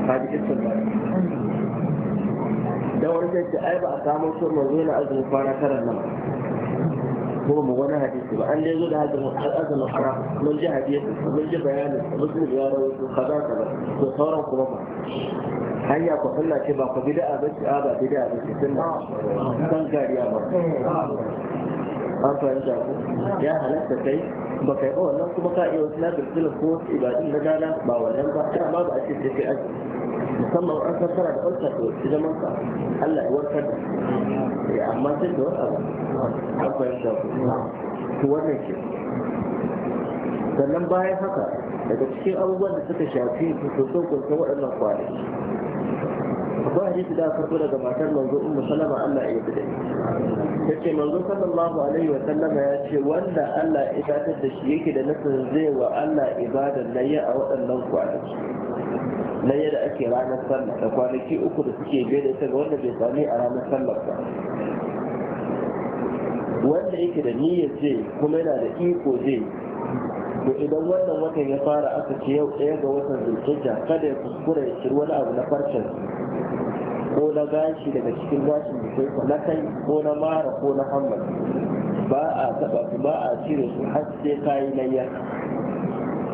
hadi iskar ba da wani sai ai ba a samun sun manzo na azumin kwana tara nan مفهوم ونهج وان يزول هذا الاذن الحرام من جهه يده ومن جهه بيانه ومن جهه غيره ومن خباته وصاره وقربه هيا قفلنا كيف قبل ابد ابد ابد ابد سنه تنكر يا مرحبا انت آه. يا هلا انت سيد ba kai oh wannan kuma ka iya wasu na kila ko wasu ibadun na gana ba wannan ba ta ma ba a ce sai kai aji musamman an san kana da ulta to ki zaman ka Allah ya warkar da ya eh, amma sai da wata ba an fahimta to wannan ke sannan bayan haka daga cikin abubuwan da suka shafi su so kunsa waɗannan kwanaki akwai hadisi da karɓo daga matar manzo ummu salama Allah ya bude yace manzo sallallahu alaihi wa sallama ya ce wanda Allah ya datar da shi yake da nufin zai wa Allah ibadar layya a waɗannan kwanaki layya da ake ranar sallah da kwanaki uku da suke bai da ita ga wanda bai sami a ranar sallah ba wanda yake da niyyar zai kuma yana da iko zai to idan wannan watan ya fara aka ce yau ɗaya ga watan zulhijja kada ya kuskura ya shiri wani abu na farcen na gashi daga cikin gashin da jikinsa na kai ko na mara ko na hammal ba a taba su ba a cire su har sai kayi layya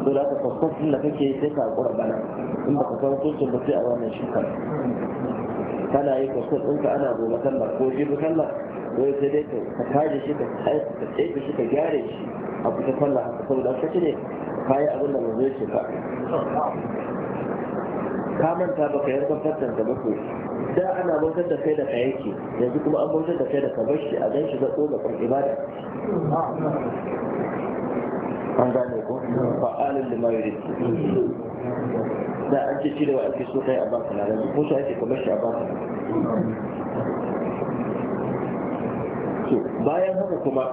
to da ka fakkofin da kake sai ka hakura bana in ba ka san sosin ba sai a wannan shekara kana yi fakkofin ɗinka ana gobe sallah ko jibi sallah wai sai dai ka taje shi ka tsaye shi ka gyare shi a kusa sallah haka saboda ka cire kayi abin da ba zai ce ka ka manta baka yarda fatan da ba da ana bautar da kai da ka yake yanzu kuma an bautar da kai da ka bashi a gan shi ga tsoga kan ibada an gane ko fa'alin da mayuri da an ce ci da wa ake so kai a baka na yanzu ko shi ake ka bashi a baka na bayan haka kuma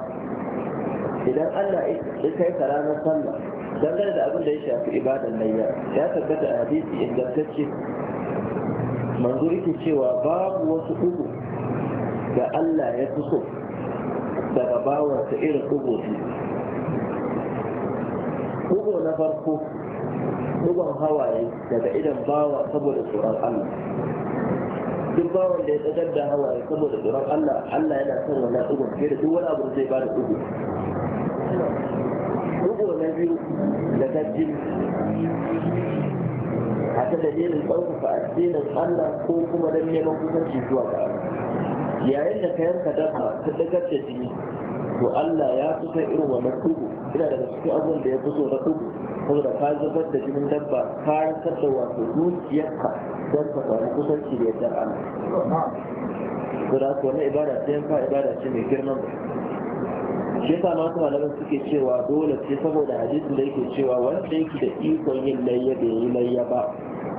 idan Allah ya kai ka ranar sallah dangane da abin da ya shafi ibadan layya, ya tabbata a hadisi ingantacce manzo yake cewa babu wasu ugu da Allah ya fi so daga bawansa irin ugu ugu na farko ugun hawaye daga idan bawa saboda tsoron Allah duk bawan da ya tsagar da hawaye saboda tsoron Allah Allah yana son wannan ugun fiye da duk wani abu zai bada ugu ugu na biyu da tajjin a ta dalilin ɗaukaka addinin Allah ko kuma don neman kusanci zuwa ga yayin da ka yanka dabba ta dagar da jini to Allah ya fi san irin wannan tugu ina daga cikin abin da ya fi so na tugu saboda ka zubar da jinin dabba ka rasa da wato dukiyarka don ka samu kusanci da yadda Allah. Guda ko na ibada ta yanka ibada ce mai girman shi yasa ma su malaman suke cewa dole sai saboda hadisin da yake cewa wanda yake da ikon yin layya da yi layya ba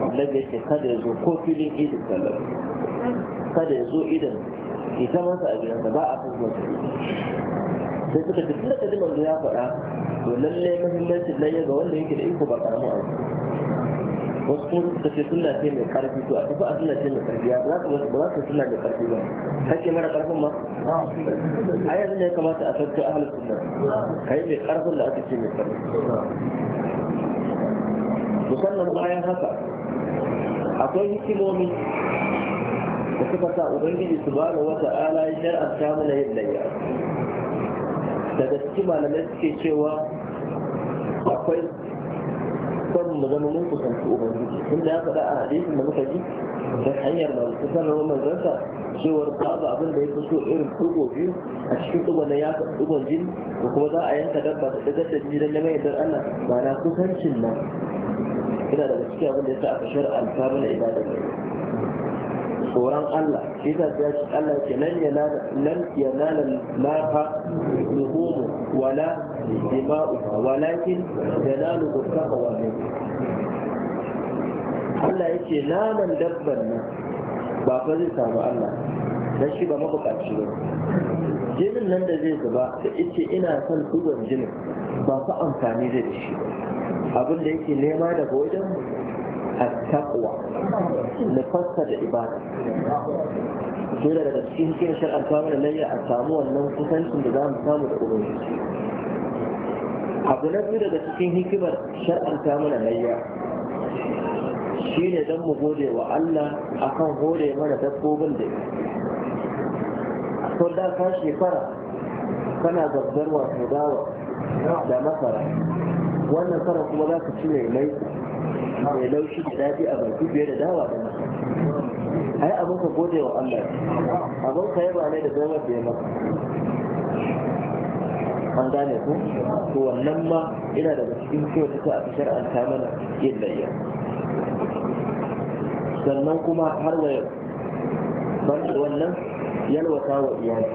annabi yake kada ya zo ko filin idin sallar kada ya zo idin ita masa a gidansa ba a san masa sai suka tafiya da kadiman da ya faɗa to lallai mahimmancin layya ga wanda yake da iko ba karamin abu wasu kuma suka ce sunna ce mai karfi to a tafi a sunna ce mai karfi ya za ka wasu ba za ka sunna mai karfi ba kake mara karfin ma a yanzu ne kamata a sauke ahal sunna kai mai karfin da aka ce mai karfi musamman bayan haka akwai hikimomi da suka sa ubangiji su ba da wata ala ya shar'anta mana yin layya daga cikin malamai suke cewa akwai da zama mun kusanci ubangiji tun da ya faɗa a hadisin da muka ji ta hanyar da ta sanarwar manzansa cewar babu abin da ya fi so irin turbo biyu a cikin tsubo na ya faɗi tsubon jini da kuma za a yanka dabba da ɗigar da jini don neman da Allah ba na kusancin nan ina daga cikin abin da ya sa aka alfarin da ibada tsoron Allah shi ta ya ce Allah ke nan ya nan ya nana fa nuhumu wala dima'u walakin yanalu a awamin Allah ya ce naman dabban nan ba fa zai samu Allah dan shi ba mabukaci ba jinin nan da zai zuba da ita ina son duban jinin ba fa amfani zai da shi abin da yake nema daga wajen التقوى نفسد العبادة dole daga cikin cikin shar'ar samun layya a samu wannan kusancin da za mu samu da ubangiji abu na biyu daga cikin hikimar shar'ar samun layya shi ne don mu gode wa Allah akan gode mana dabbobin da ko da ka shekara kana zabbar wato dawa da masara wannan karan kuma za ka cire mai mai laushi da daɗi a baki fiye da dawa da masara ai abin ka gode wa Allah abin ka yaba ne da zama da yamma an gane ku to wannan ma ina daga cikin kyau da ta aka shar'anta mana yin layya sannan kuma har da banda wannan yalwata wa iyali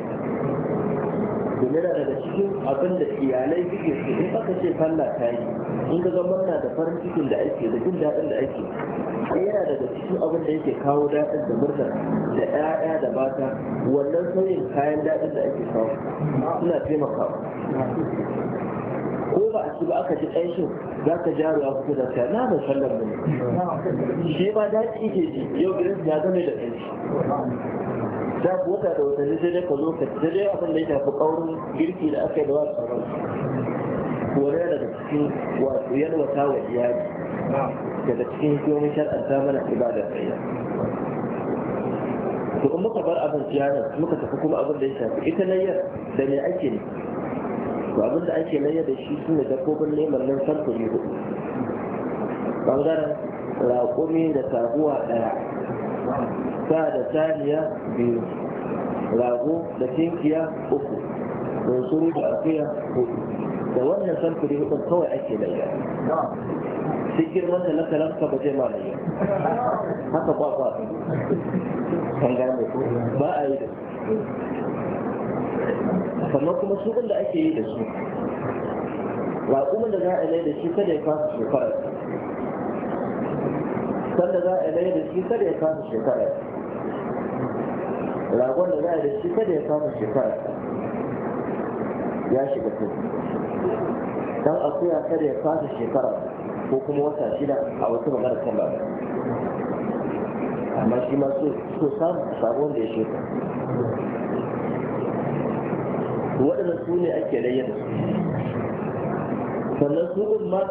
domin daga cikin abin da iyalai suke su in aka ce sallah ta yi in ga zama da farin cikin da ake da jin daɗin da ake yana daga cikin abin da yake kawo daɗin da murna da ƴaƴa da mata wannan sauyin kayan daɗin da ake kawo suna taimakawa ko ba a ci ba aka ji ƙanshin za ka ja ruwa kuka da ta na da sallar mu shi ma da ci ke ji yau gidan ya zama da ƙanshi da wata da wata sai dai ka zo ka sai dai abin da ya tafi ƙaurin girki da aka yi da wasu sauran kore daga cikin wato yalwata wa iyali daga cikin hikiyoyin shar'anta mana ibadar ɗaya to in muka bar abin tiyanar muka tafi kuma abin da ya shafi ita layyar da me ake ne to abin da ake layya da shi shine dabbobin neman nan samfuri hudu bangaren raƙumi da taguwa ɗaya sa da taniya biyu rago da tinkiya uku bunsuru da akuya hudu da wannan samfuri hudun kawai ake layya sai girman da na kalanka ba zai malaye haka ba ba kan gane ba a yi da kamar kuma su da ake yi da su raƙumin da za a da shi kada ya fasa shekarar sanda za a da shi kada ya fasa shekarar ragon da za a da shi kada ya fasa shekarar ya shiga su don akuya kada ya fasa shekara ko kuma wata shida a wata magana kan ba amma shi ma so samun sabon da ya shekara waɗannan su ne ake rayya da su sannan su ɗin ma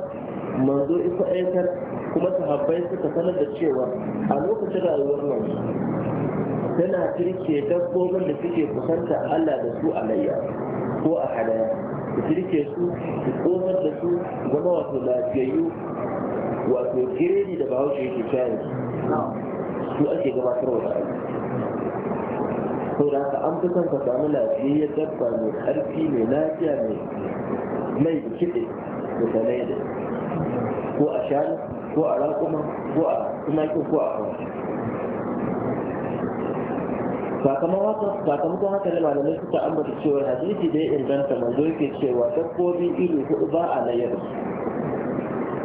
manzo isa aikar kuma sahabbai suka sanar da cewa a lokacin rayuwar nan. tana kirke dabbobin da suke kusanta Allah da su a layya ko a hadaya su kirke su su kofar da su zama wato lafiyayyu wato giredi da bahaushe yake shayar su ake gabatarwa da aiki saboda haka an fi son ka samu lafiyayyar dabba mai ƙarfi mai lafiya mai mai kiɗe da sanai da ko a shanu ko a raƙuma ko a tumakin ko a kawai sakamakon haka ne malamai suka ambata cewa hadisi da ya inganta manzo yake cewa dabbobi iri hudu ba a layar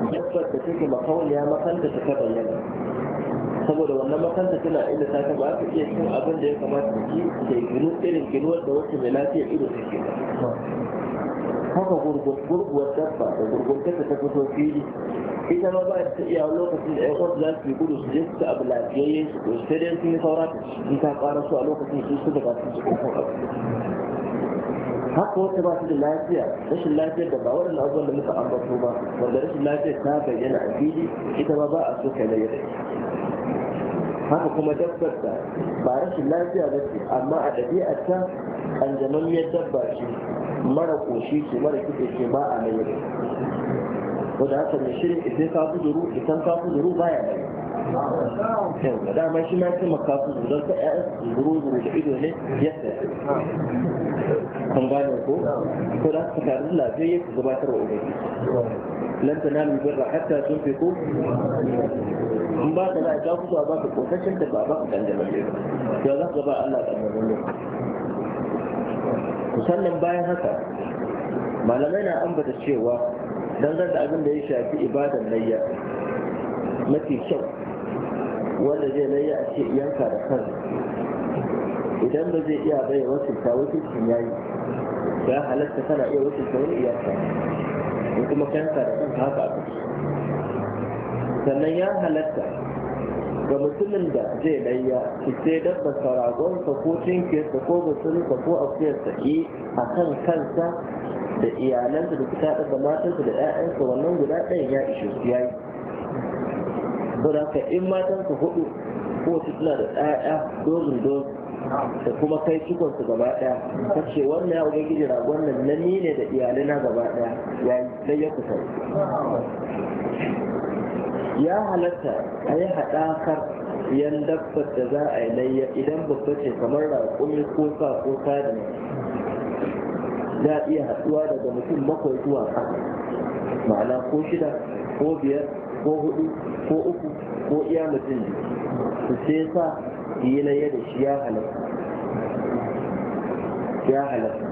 dabbar da take makauniya makanta ta bayyana saboda wannan makanta tana inda ta ta ba ta iya cin abin da ya kamata ta ci da ginu irin ginuwar da wacce mai lafiya ido ta ke haka gurguwar dabba da gurguntarta ta ta fito fili ita ma ba ta iya lokacin da 'yan uwansu za su yi gudu su je su abu lafiyayye su ko sai dai sun yi saura ta in ta ƙara su a lokacin su su daga su cikin kan abu haka wata ba su da lafiya rashin lafiyar da ba wannan abubuwan da muka ambato ba wanda rashin lafiyar ta bayyana a fili ita ma ba a so kai da yadda haka kuma dabbar ta ba rashin lafiya ba ce amma a ɗabi'ar ta an ƙanjamammiyar dabba ce mara ƙoshi ce mara kitse ce ba a mai yadda ko da haka mai shirin ita ka fi duru ita ka fi duru baya mai yau dama shi ma cin makafu don ta ƴaƴan zuru zuru da ido ne ya yadda kan gane ko ko da haka tarin lafiya ya gabatar wa ubangiji lan tanalu birra hatta tunfiqu in ba ka za a kafu ba ka kotashin da ba ba ka kanjaman ne ba za ka ba Allah kanjaman ne musamman bayan haka malamai na ambata cewa dangane da abin da ya shafi ibadan layya mafi kyau wanda zai layya a ce yanka da kansa idan ba zai iya bai wasu ta wasu ya yi ya halatta kana iya wasu ta wani iyaka in kuma kanka da kanka haka a sannan ya halatta ga mutumin da zai layya ki sai dabba saragonsa ko cinkiyarsa ko musulunsa ko akuyarsa yi a kan kansa da iyalansa da suka haɗa da matansa da 'ya'yansa wannan guda ɗayan ya ishe su yayi saboda ka in matansa hudu ko suna da ɗaya dozin dozin da kuma kai cikonsu gaba ɗaya ta ce wannan ya gidi ragon nan na ne da iyalina gaba ɗaya ya yi sai ya kusa ya halatta a yi haɗakar yan dabbar da za a yi layya idan babba ce kamar raƙumi ko sa ko sadi za a iya haɗuwa daga mutum bakwai zuwa ƙasa ma'ana ko shida ko biyar ko hudu ko uku ko iya mutum su sai sa yi layya da shi ya halatta ya halatta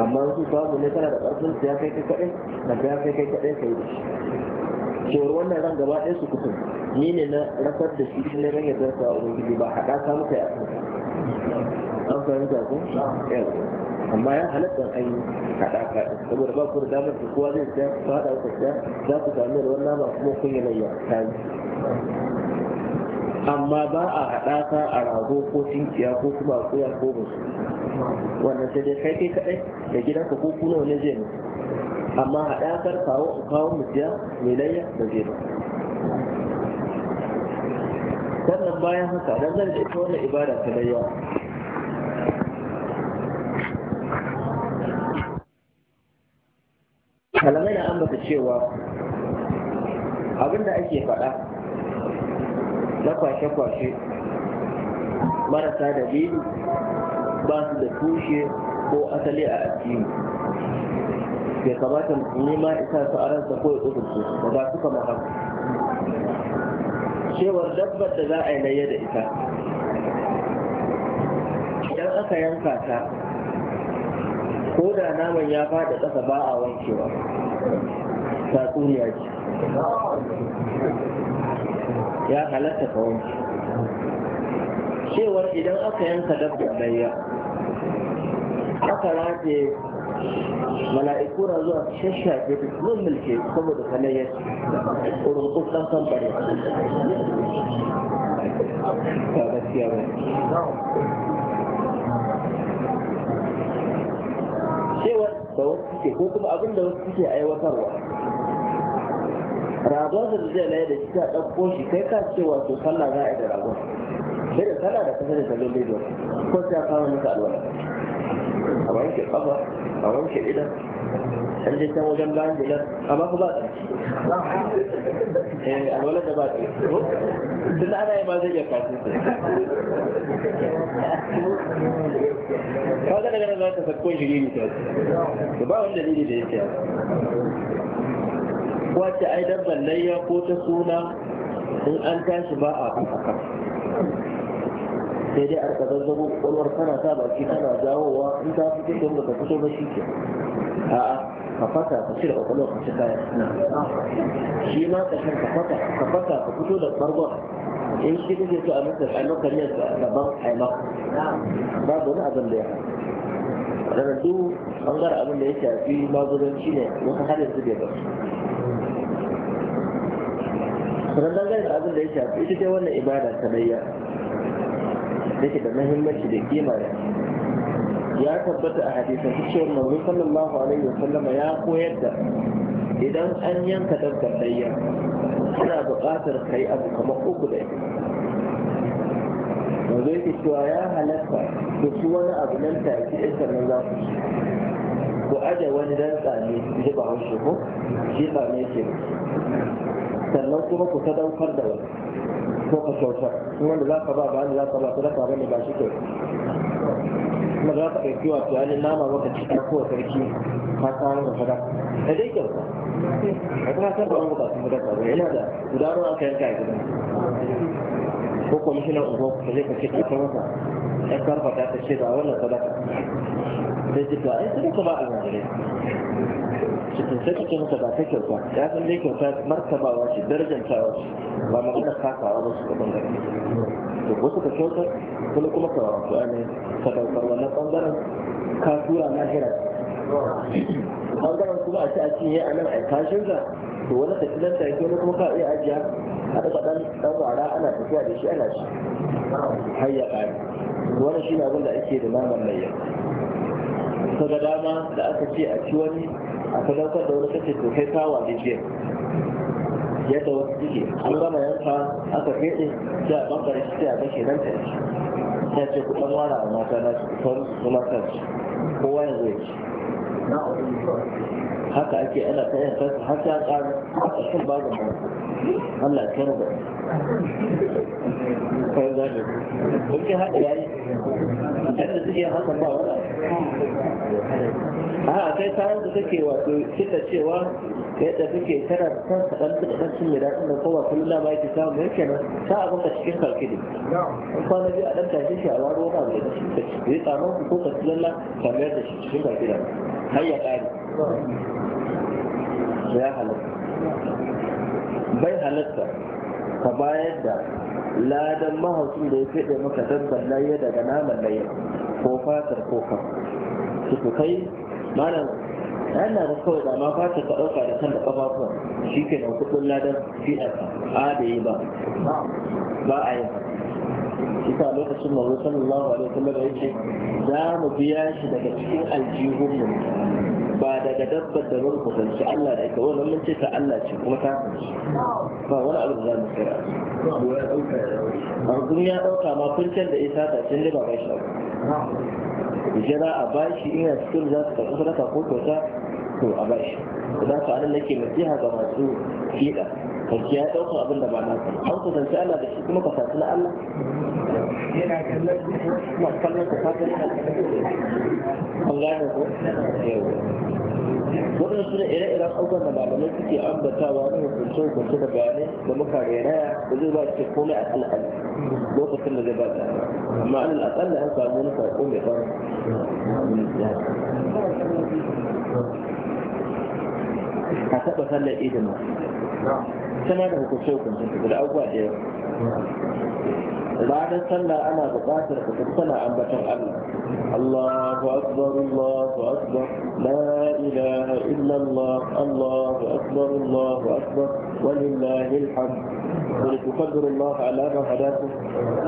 amma su babu ne tana da ƙarfin su ya kai kai kaɗai da ya kai kai kaɗai ka yi da shi cewar wannan ran gaba ɗaya su kusa ni ne na rasar da shi ne ran yadda ta a gidi ba haɗa ka muka yi an fahimta ko amma ya halatta an yi haɗa ka saboda ba ku da damar da kowa zai tsaya su haɗa ku tsaya za ku sami wannan nama kuma kun yi layya ta yi amma ba a haɗa ka a rago ko cinkiya ko kuma koya ko basu wannan sai dai kai kai kaɗai da gidanka ko kuna wani zai mutu amma haɗakar kawo kawo mutiya mai layya da zai ba sannan bayan haka dan zan da ita wannan ibada ta layya kalamai na ambata cewa abinda ake faɗa na kwashe-kwashe marasa dalili ba su da tushe ko asali a addini bai kamata ne ma isa su a ransa ko ya da za su suka haka cewar dabbar da za a yi laye da ita idan aka yanka ta ko da naman ya fada ƙasa ba a wankewa tatsuniya ce ya halatta ka wanke cewar idan aka yanka dabbar layya aka rataye mala'iku na zuwa shashafe ta mun mulke saboda falayyar wurin kusan kan bare Ta gaskiya ba cewar da wasu suke ko kuma abin da wasu suke aiwatarwa ragon da zai laye da shi ta ɗauko shi kai ka ce to sallah za a yi da ragon sai da sallah da kasa da salon lagos ko ta kawo maka alwala أو أمشي الخبر أو أمشي إلى هل جيت أنا وجنب عندي لا أما هو بعد إيه، الولد بعد دل على ما زي يا كاتب هذا اللي أنا لا تفكون شيء مثل تبغى ولا ليه ليه كذا وأتى أيضا من لا يقوت سونا من أن تشبع أبوك sai dai a rika zazzabo kwalwar kana sa baki kana jawowa in ta fito don baka fito ba shi ke a'a ka fata ka cire kwakwalwar ka ci kayan shi ma kashin ka fata ka fata ka fito da bargon in shi kake so a maka a maka ne daban a maka babu wani abin da ya daga duk bangaren abin da ya shafi magudanci ne wata halin su bai ba sannan dangane da abin da ya shafi ita dai wannan ibada sanayya take da muhimmanci da kima da ya tabbata a hadisan cewa manzo sallallahu alaihi wasallama ya koyar da idan an yanka dabbar layya ana buƙatar kai abu kamar uku da yanzu yake cewa ya halatta ku ci wani abu nan take in sannan za ku ci ku aje wani dan tsami ji ba haushe ko shi tsami ke sannan kuma ku sadaukar da wani ko ka kyautar wanda za ka ba ba za ka ba sadaka ba ne ba shi kyau kuma za ka ɗauki wato yanin nama maka ta kowa sarki ka samu da sadaka da dai kyauta a kuma san ba wani bukatun sadaka ba yana da guda nawa aka yanka a ko kwamishinan unguwa ka zai ka ce ka masa ya karfata ta ce ba wannan sadaka sai ji ta ai sadaka ba almajirai cikin sai cikin ta ba ta kyauta ya san dai kyauta martabawa ce darajantawa ce ba magana kasawa ba su ga bangaren to wasu ka kyauta kuma kuma ka wato ne ka daukar wannan bangaren ka tura lahira bangaren kuma a ce a ce ya anan a kashin ka to wani tafi nan take wani kuma ka iya ajiya a daga dan dan wara ana tafiya da shi ana shi har ya ƙare wannan shi ne abin da ake da naman layya kaga dama da aka ce a ci wani a sadaukar da wani kace to kai kawa da jiya yadda wasu suke an gama yanka aka fede sai a bangare shi sai a kashe nan ta ci Ta ce ku dan wara a mata na su faru su kuma ta ci kowa ya zo ci haka ake ana ta yanka har ta ƙara a cikin babu Allah ya tarba ممكن هذا يعني yadda suke hakan ba wala a kai kayan da suke wato kita cewa yadda suke tara kan kaɗan da kaɗan sun mai daɗin da kowa kullum da ba yake samu yake nan ta abin ka cikin kalki ne in kwana biyu a ɗan tashi shi a wani wata mai da shi ka ci bai tsaman ku ko ka ci lalla ka mayar da shi cikin kalki da har ya ƙare ya halatta bai halatta ka bayar da ladan mahaucin da ya fede maka dabban laye daga naman laye ko fatar ko kan su kai malam yana da kawai da ma fata ka ɗauka da kan da ƙafafuwa shi ke nan kuɗin ladan fi'ar a da yi ba ba a yi ta lokacin mazo sallallahu alaihi wasallam da yake za mu biya shi daga cikin aljihun mu ba daga dabbar da mun kusanci Allah da ita wannan mun ce ta Allah ce kuma ta ba wani abu da mu kira an ya dauka ma kuncin da isa ta cin ba shi abu jira a bashi ina cikin za su karɓi sadaka ko kyauta to a bashi da ka anan nake nasiha ga masu kiɗa ka kiya ɗaukar abin da ba na an ku zanci Allah da shi kuma ka saci na Allah kuma kallon ka saci na an gane ko wannan su ne ire-iren abubuwan da malamai suke ambatawa na hukunce-hukunce da bayanai da muka reraya da zai ba su komai a al'ad lokacin da zai ba da amma an al'ad an samu wani sako mai ban a taɓa sallar idima كما له كسوف في الأول إيه بعد صلى أنا بقاتل فقد صلى عن بشر الله الله أكبر الله أكبر لا إله إلا الله الله أكبر الله أكبر ولله الحمد ولتقدر الله على ما هداكم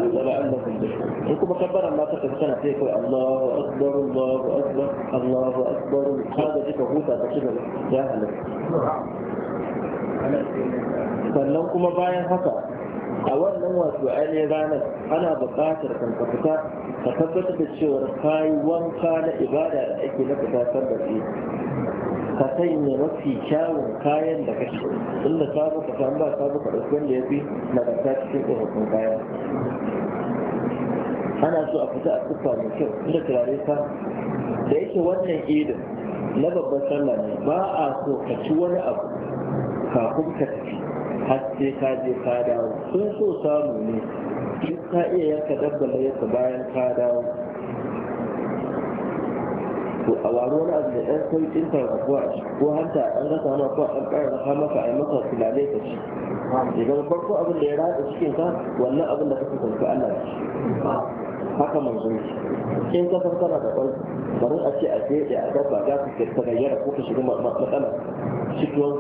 لعلكم تشكرون. انكم كبر الله تقف سنه فيكم الله اكبر الله اكبر الله اكبر هذا ذكر موسى تقريبا يا اهل sannan kuma bayan haka a wannan wasu ainihin ranar ana bukatar kan ka fita tabbatar da cewar kayi wanka na ibada da ake na fita sallar ka sanya mafi kyawun kayan da kake inda sabu ka samu ba sabu ka ɗauki wanda ya fi na nagarta cikin tsofaffin kayan ana so a fita a tsufa mai kyau inda turare ka da yake wannan idin na babban sallah ne ba a so ka ci wani abu kafin ka tafi har sai ka je ka dawo sun so samu ne duk ka iya yanka dabbar yadda bayan ka dawo to a wani wani abu da ɗan sauƙin tarrafuwa a ciki ko hanta an rasa hana ko an ƙara rasa maka a yi maka filalai ka ci ya farko abin da ya ratsa cikin ka wannan abin da kake tafi Allah da shi haka manzon shi in ka fassara da ɓarfi bari a ce a je a dabba za ka ta gayyara ko ka shiga matsalar cikin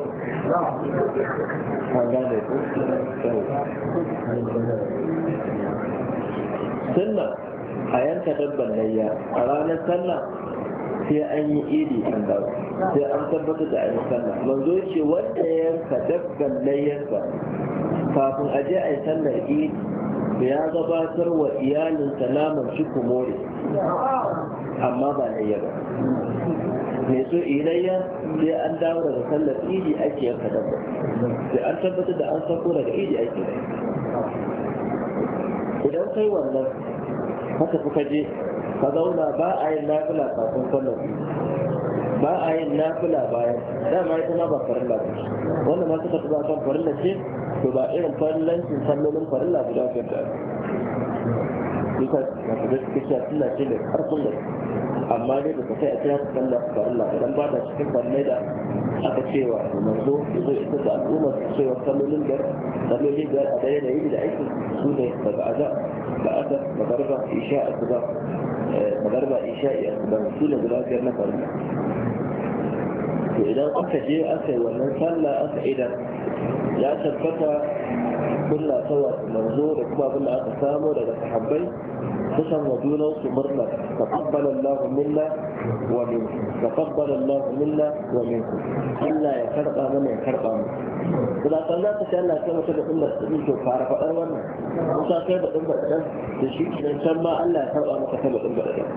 an gane ku sannan a yanka dabban layya a ranar sallah sai an yi idi an dawo sai an tabbatar da an yi sallah manzo ce wanda ya yanka dabban layyarsa kafin a je a yi sallar idi abu ya gabatar wa iyalin salaman shi kumore amma ba layya ba mai so ilayya sai an dawo daga sallar idi ake yanka dabba sai an tabbatar da an sako daga idi ake yanka idan kai wannan haka kuka je ka zauna ba a yin nafila kafin sallar ba a yin nafila bayan dama ita ma ba farilla ba wanda ma suka tuba kan farilla ce to ba irin fallancin sallolin farilla guda biyar da ake bisa na kudin kishiya suna ce da karfin da amma dai da kai a cikin sallar farilla idan ba da cikin farilla da aka cewa manzo zo ita da al'ummar cewa sallolin biyar sallolin biyar a daya da yi da aiki su ne daga aza da aza magarba isha a su eh, ba. magarba isha a su ne guda biyar na farilla to idan aka je aka yi wannan sallah aka idan ya tabbata kulla tawa manzo da kuma abin da aka samo daga sahabbai kusan wa junan su murna taqabbala Allahu minna wa minkum taqabbala Allahu minna wa minkum Allah ya karba mana ya karba mu bulatan za ta ce Allah kai mata da ɗumbar ta to fara faɗar wannan musa kai da ɗumbar ɗan da shi kenan can ma Allah ya karɓa maka kai da ɗumbar ɗan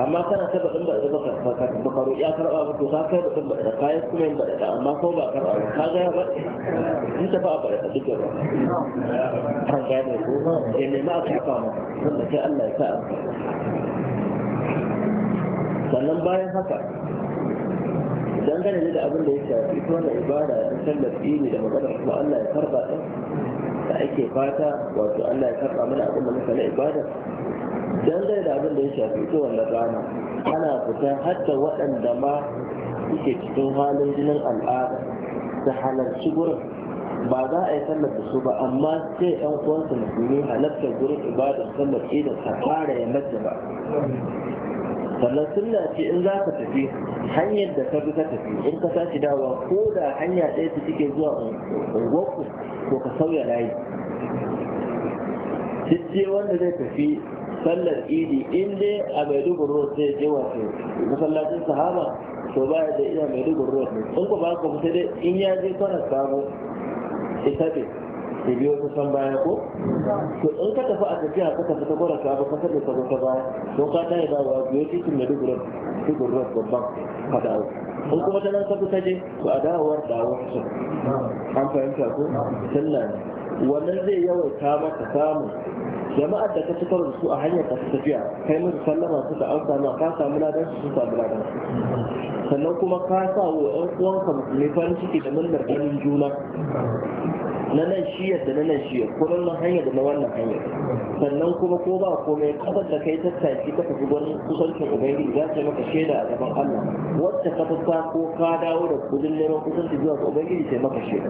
amma kana kai da ɗumbar ɗan ba ka roƙi ya karɓa maka to ka kai da ɗumbar ɗan kayan kuma yin baɗaɗa amma ko ba karɓa ba ka ga ya ba in ta ba a baɗaɗa duk ba kan gane ko ya nema a karɓa maka wanda kai Allah ya sa sannan bayan haka dangane da abin da ya shafi ita wannan ibada ta tallafi ne da magana kuma Allah ya karba ta da ake fata wato Allah ya karba mana abin da muka na ibada dangane da abin da ya shafi ita wannan rana ana fita hatta waɗanda ma suke cikin halin jinin al'ada su halarci gurin ba za a yi sallar da su ba amma sai yan uwansu musulmi halartar gurin ibadar sallar idan ta fara ya mace ba sannan sunna ce in za ka tafi hanyar da ka bi ka tafi in ka tashi dawa ko da hanya ɗaya ta cike zuwa unguwarku ko ka sauya layi duk wanda zai tafi sallar idi in dai a maiduguri road zai je wato masallacin sahaba to baya da iya maiduguri road in ko ba ka sai dai in ya je kwanar sabo ita ce ya biyo ta san baya ko to in ka tafi a tafiya ka tafi ta gwada ka ba ka tafi ta ta ba? to ka ta yi dawowa biyo titin da duburan duburan babban ka dawo in kuma ta nan ka fi ta je to a dawowar dawowar su an fahimta ko sallah ne wannan zai yawaita maka samun jama'ar da ka fitar da su a hanyar ta tafiya kai musu sallama da an samu ka samu ladan su samu ladan sannan kuma ka sa wa 'yan uwanka musulmi farin ciki da murnar ganin juna na nan shiyar da na nan shiyar ko nan hanyar da na wannan hanyar sannan kuma ko ba ko mai kasar da kai tattaki ka tafi gurin kusancin ubangiji za ta maka shaida a gaban Allah wacce ka fita ko ka dawo da kudin neman kusanci zuwa ga ubangiji sai maka shaida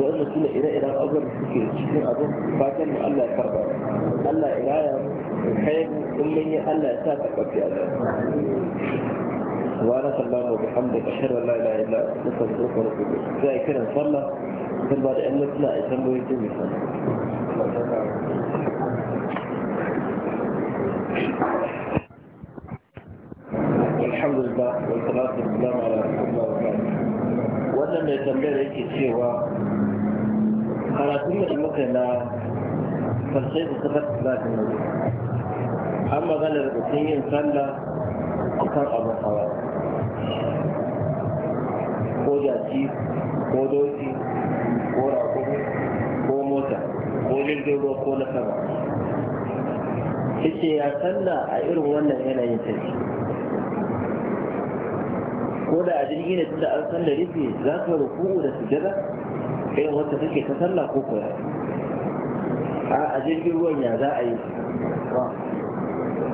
wa'anda su ne ire-iren abubuwan da suke cikin abin fatan da Allah ya karba Allah ya raya kai in mun yi Allah ya sa karɓar fiye وانا سلام وبحمدك اشهد ان لا اله الا انت نستغفرك ونتوب اليك زي كده نصلى في بعد ان لا يسموا يتم يصلي الحمد لله والصلاة والسلام على رسول الله وبعد وانا mai tambayar yake cewa karatun da muka na farsai da sifar da ta an maganar mutum yin sallah akan abin hawa ko jaki ko doki ko rakumi ko mota ko jirgin ruwa ko na sama ita ya sanna a irin wannan yanayin tafi. ko da a jirgi ne tunda an san da rufe za ka ruku da sujada irin wata take ta sanna ko koya a jirgin ruwan ya za a yi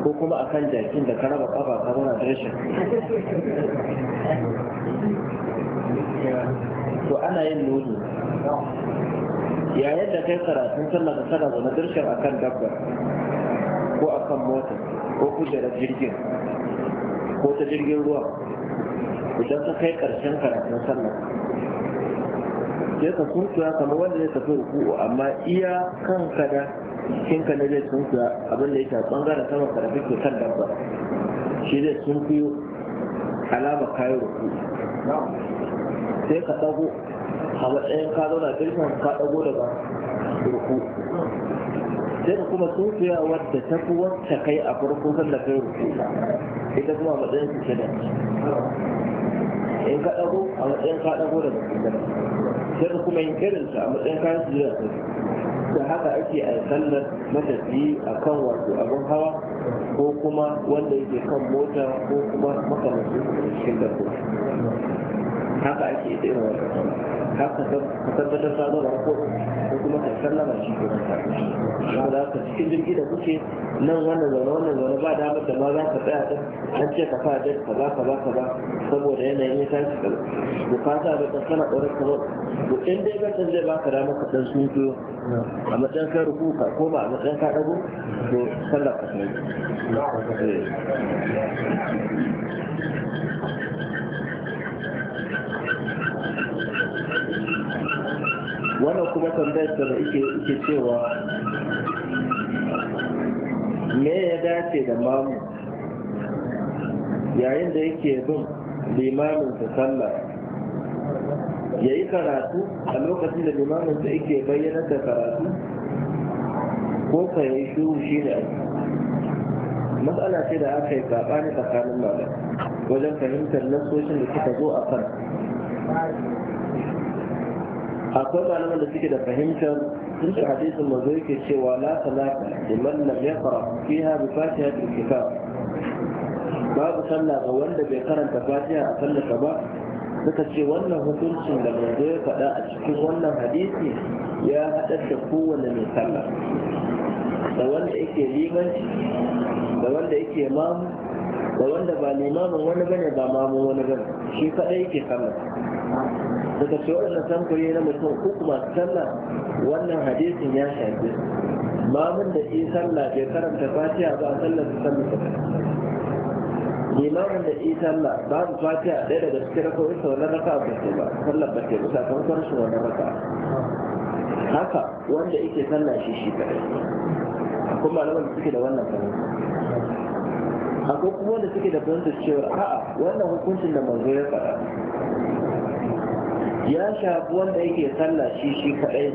ko kuma a kan jakin da ka raba kafa ka zauna da rashin to ana yin nuni yayin da kai karatun sallah da sallah zaune dirshin akan dabba ko akan mota ko kujerar jirgin ko ta jirgin ruwa idan ka kai karshen karatun sallah sai ka sunkuya kamar wanda zai tafi ruku'u amma iya kanka da kinka ne zai sunkuya abin da yake bangaren sama ka rafi ke kan dabba shi zai sunkuyo alama kayan ruku'u sai ka dago a matsayin ka zauna girman ka dago daga ruku sai ka kuma sunkuya wadda ta fi wacce kai a farko kan da kai ruku ita kuma a matsayin su shida in ka dago a matsayin ka dago daga sujjada sai ka kuma yin irinsa a matsayin kayan sujjada da haka ake a sallar matafi a kan wato abin hawa ko kuma wanda yake kan mota ko kuma makamashi cikin dabbobi haka ake yi da irin wannan haka ka tabbatar sadarwa ko ko kuma ka sallama shi ke kuma za ka cikin jirgi da kuke nan wannan zaune wannan zaune ba damar da ma za ka tsaya ɗin an ce ka fara ka ba ka ba ka ba saboda yanayin ya tashi ka bukata da ka sana ɗaure ka ba to in dai gatan zai ba ka damar ka ɗan sunkuyo a matsayin ka rubu ka ko ba a matsayin ka ɗago to sallar ka sai wannan kuma tambayar da ike cewa me ya dace da mamu yayin da yake bin Limamin ta sallah ya yi karatu a lokacin da limaminsa yake bayyanar da karatu ko ka yi shuru shi ne matsala ce da aka yi ne tsakanin malam wajen fahimtar nasoshin da suka zo a kan akwai malaman da suke da fahimtar sun ta hadisin mazo yake cewa la salata ya lam fi ha bi fatihatil kitab babu sallah ga wanda bai karanta fatiha a sallarsa ba suka ce wannan hukuncin da mazo ya faɗa a cikin wannan hadisi ya haɗar da kowane mai sallah da wanda yake limanci da wanda yake mamu da wanda ba limamin wani bane ba mamun wani bane shi kaɗai yake sallah daga ce wannan samfuri na mutum ko kuma sallah wannan hadisin ya shafi mamun da yi sallah bai karanta fatiha ba sallar su sallar su limamin da yi sallah babu fatiha ɗaya daga cikin rakawai sau na raka ba ce ba sallar ba ce ba sakamakon shi wani raka haka wanda yake sallah shi shi kaɗai akwai malaman da suke da wannan fahimta akwai kuma wanda suke da fahimtar cewa a'a wannan hukuncin da manzo ya faɗa ya shafi wanda yake sallah shi shi kaɗai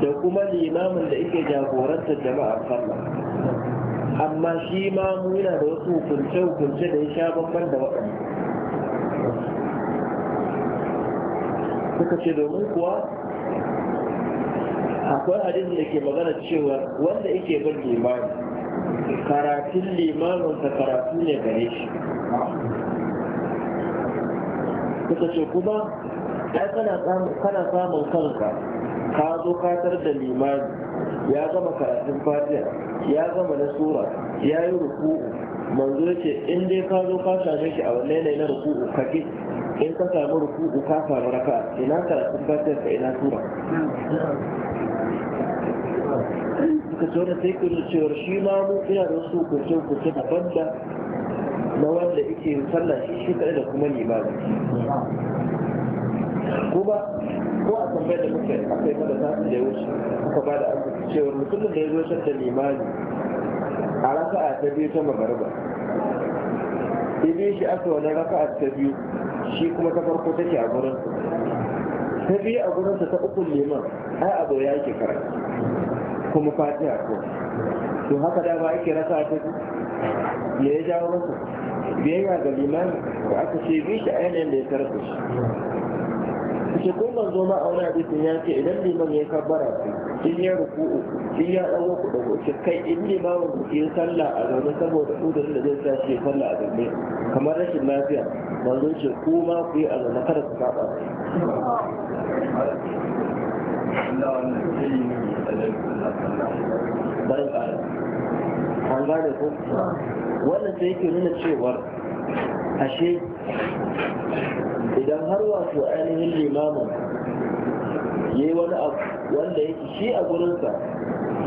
da kuma limamin da yake jagorantar jama'a sallah amma shi ma mu yana da wasu hukunce-hukunce da ya sha bambam da waɗanda suka ce domin kuwa akwai hadisi da ke magana cewa wanda yake bin Limamin. karatun limaminsa karatu ne gare shi suka ce kuma ai kana samun kanka ka zo katar da limani ya gama karatun fatiha ya gama na sura ya yi ruku manzo yace in dai ka zo ka same shi a wannan yanayi na ruku ka ke in ka samu ruku ka samu raka ina karatun fatiha ka ina sura suka ce wani sai ku cewar shi ma mu ina da wasu kuce-kuce daban da na wanda yake sallah shi shi da kuma limami ko ba ko a tambayar da muke akai mana tafi da wuce aka ba da asibiti cewa mutumin da ya zo shan da limami a raka'a ta biyu ta magarba Idan shi aka wani a ta biyu shi kuma ta farko take a gurin ta biyu a gurinsa ta uku liman ai abu ya yake karatu kuma fatiha ko to haka da ba yake raka'a ta biyu me ya jawo masa biyayya ga liman da aka ce bi shi a yanayin da ya tarfa shi kuke ko zo ma a wani hadisin ya ce idan liman ya kabbara sun ya ruku'u sun ya dago ku dago ce kai in limamin ku yi sallah a zaune saboda udurin da zai sa shi sallah a zaune kamar rashin lafiya manzo ce ku ma ku yi a zaune kada ku saba barin ƙara an gane ko wannan sai yake nuna cewar ashe idan har wato ainihin limamin ya yi wani abu wanda yake shi a gurinsa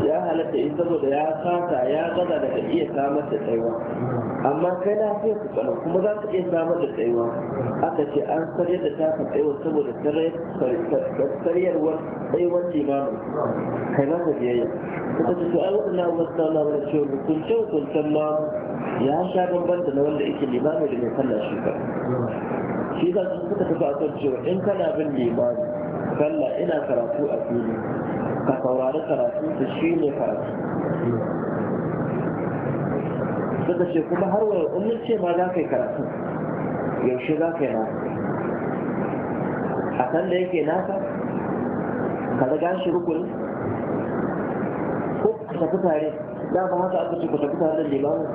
ya halatta in saboda ya kasa ya gaza daga iya samar da tsaiwa amma kai lafiyar ka kalau kuma za ka iya samar da tsayuwa aka ce an sarya da taka tsayuwa saboda saryarwar tsayuwar limamin kai za ka biyayya suka ce ai waɗannan abubuwan su tauna mana cewa hukunce hukuncen ma ya sha bamban da na wanda yake limamin da mai sallah shi ba shi za su suka tafi a kan cewa in kana bin limamin sallah ina karatu a fili ka saurari karatu su shi ne karatu suka ce kuma har wa in ce ma za ka yi karatu yaushe za ka yi nasa a san da yake nasa ka zaga shi rukuni ko ka tafi tare mu haka aka ce ka tafi tare da limanin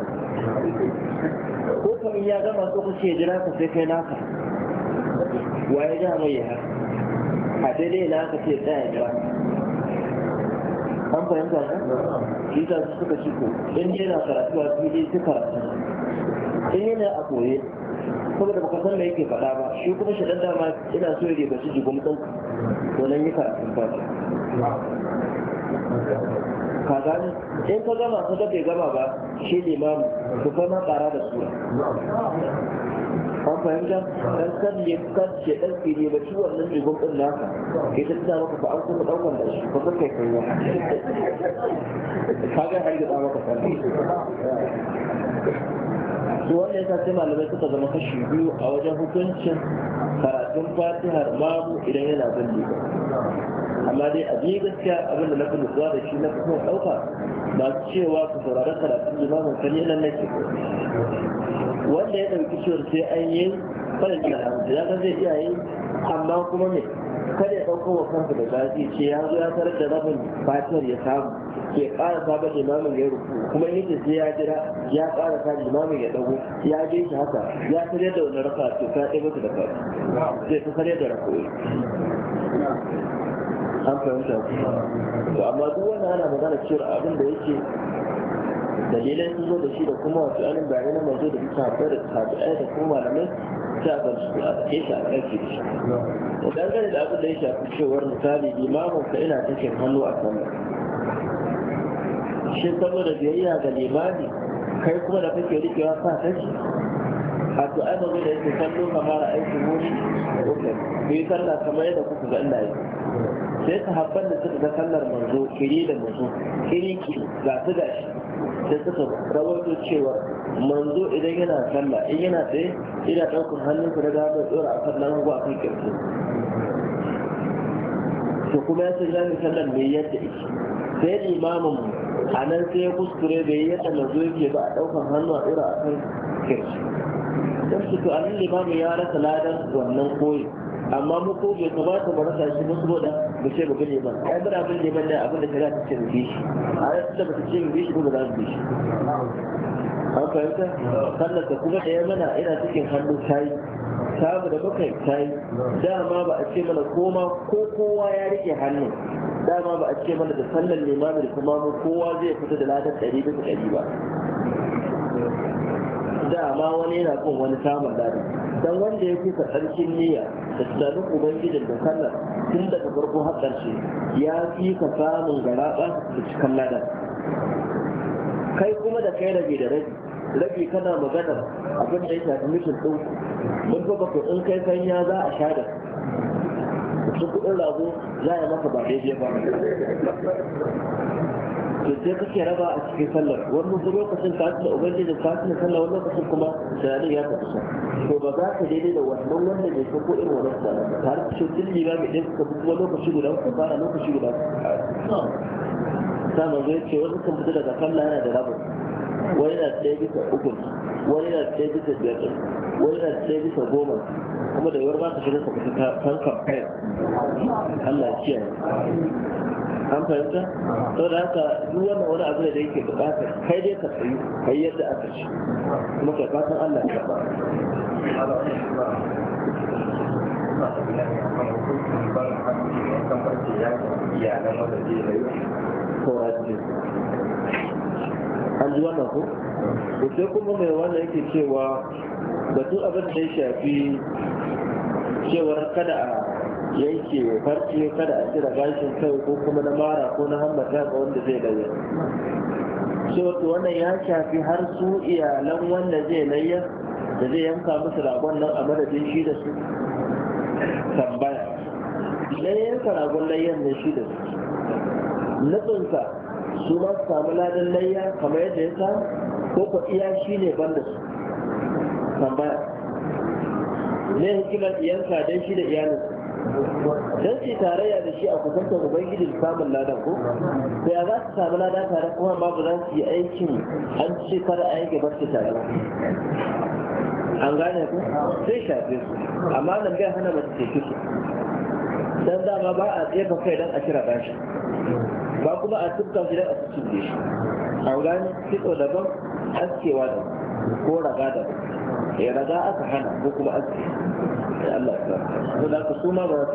ko kuma ya gama so ka ce jira ka sai kai nasa waye ja mai ya a daidai na ka ce tsaya jira an fahimta ka shi ta su suka ci ko in yana karatu a ne su karatu in yana a koye saboda baka san me yake faɗa ba shi kuma shi dan dama ina so ya ribaci jigum ɗin to nan yi karatun fata ka gani in ka gama ka bai gama ba shi limamu ku kai ma ƙara da sura an fahimta dan kan ne kan ce dan ne ba ciwon nan ne gumbin naka ke ta tuna maka ba an kuma daukan da shi ba kai kai ba ka ga har da maka sani to wannan yasa sai malamai suka zama kashi biyu a wajen hukuncin karatun fatihar babu idan yana bin liba amma dai a biyu gaskiya abinda na fi nutsuwa da shi na fi ɗauka masu cewa ku saurari karatun limamin kan yana nake wanda ya ɗauki ciwon sai an yi farin da haramta ya zai iya yi amma kuma ne kada ya ɗauko wa kansa da zafi ce ya zo ya tarar da rabin fatiyar ya samu ke ƙara sabon limamin ya rufu kuma yake sai ya jira ya ƙara sa limamin ya ɗago ya je shi haka ya tarar da wani rafa to ka ɗaya masa da kai zai ta tarar da rafa an fahimta to amma duk wani ana magana cewa abin da yake dalilai sun zo da shi da kuma wasu anin bayanai na manzo da suka haɓar da tabi'ai da kuma malamai ta a su a tsaye shi a ƙarfi da shi da dangane da abin da ya shafi cewar misali limamin ka ina cikin hannu a sallah shi sallah da biyayya ga limami kai kuma da kake rikewa sa ta ce a to ai ba da yake kallo kamar aikin wuri da kuka bai sallah kamar yadda kuka ga Allah ya sai sahabban da suka ga sallar manzo kiri da manzo kiri ki ga su shi sai suka rawaito cewa manzo idan yana sallah in yana tsaye ina ɗaukar ku da gaba tsora a sallan hagu a kan kirki to kuma ya san zai sallar mai yadda ike sai limamin mu a nan sai ya kuskure bai yadda manzo yake ba a ɗaukar hannu a tsora a kan kirki don su to a nan limamin ya rasa ladan wannan koyi amma mu ko bai ta mu rasa shi wasu boda mu ce mu bi ba ai muna bin neman da abin da kaza ta ce mu bi shi a da ba ta ce mu bi shi ba za mu bi shi an fahimta sallar ta kuma ɗaya mana ina cikin hannu tayi samu da muka tayi dama ba a ce mana koma ko kowa ya rike hannu dama ba a ce mana da ne limamin bai kuma mu kowa zai fita da ladar ɗari bisa ɗari ba dama wani yana kun wani samun ladar dan wanda ya kuka sarkin niyya da tunanin ubangijin da sallar tun daga farko har ya fi ka samun garaɓa da cikin ladan kai kuma da kai rabi da rabi rabi kana magana abin da ya shafi mishin ɗin mun fa ko in kai sanya za a sha da su kuɗin rago za a yi maka ba daidai ba to sai kake raba a cikin sallar wannan kuma lokacin ka tuna ubangiji ka tuna sallar wannan lokacin kuma tunanin ya tafi sa to ba za ka daidai da wannan wanda bai san ko irin wannan tunanin ba har cikin dilli ba mai ɗinka kuma lokaci guda ku fara lokaci guda sa manzo ya ce wani kan fita daga sallah yana da rabin wani na ɗaya bisa uku wani na ɗaya bisa biyar wani na ɗaya bisa goma kuma da yawar ba ta shiga ka fita kankan kai Allah ya kiyaye an fahimta to da haka duk wannan wani abu da yake bukata kai dai ka tsayi kai yadda aka ci kuma kai fatan Allah ya ba an ji wannan ko? sai kuma mai wannan yake cewa batun abin da ya shafi cewar kada a yanke farce kada a cire gashin kai ko kuma na mara ko na hammata ga wanda zai layya so to wannan ya shafi har su iyalan wanda zai layyar da zai yanka musu ragon nan a madadin shi da su tambaya idan yanka ragon layyar ne shi da su nutsinsa su ma su samu ladan layya kamar yadda ya sa ko ko iya shi ne ban da su tambaya ne hikimar iyansa don shi da iyalinsa dan ce tarayya da shi a kusantar ubangiji da samun ladan ko da ya za su samu lada tare kuma babu ba za su yi aikin an ce kada a yanke barci tare an gane ku sai shafe su amma nan bai hana mace ce su dan dama ba a tsefa kai dan a kira bashi ba kuma a tukka shi dan a tuke shi an gane kitso daban askewa daban ko raga daban ya eh, raga aka hana ko kuma aske sai Allah ya sa da su ma ba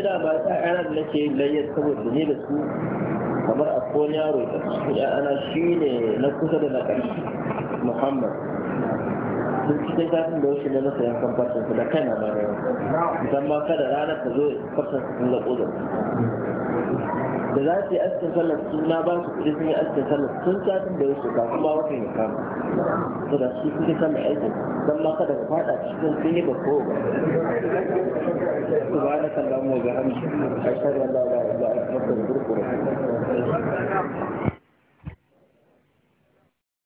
da nake layyar saboda ne da su kamar a kone yaro da su ya ana shi ne na kusa da na ƙarshe muhammad sun ta kafin da wasu ne na sayan kamfatin su da kai na mara yau musamman kada ranar ta zo kamfatin sun zaƙo da da za su yi askin sallar sun na ba su kuɗi sun yi askin sallar sun satin da wasu kafin ba watan ya kama to da su suke sallar aikin don ma kada ka fada cikin sun yi bako ba su ba na kallon mu ga hamshi a shari'a da ba a yi ba a yi kuma da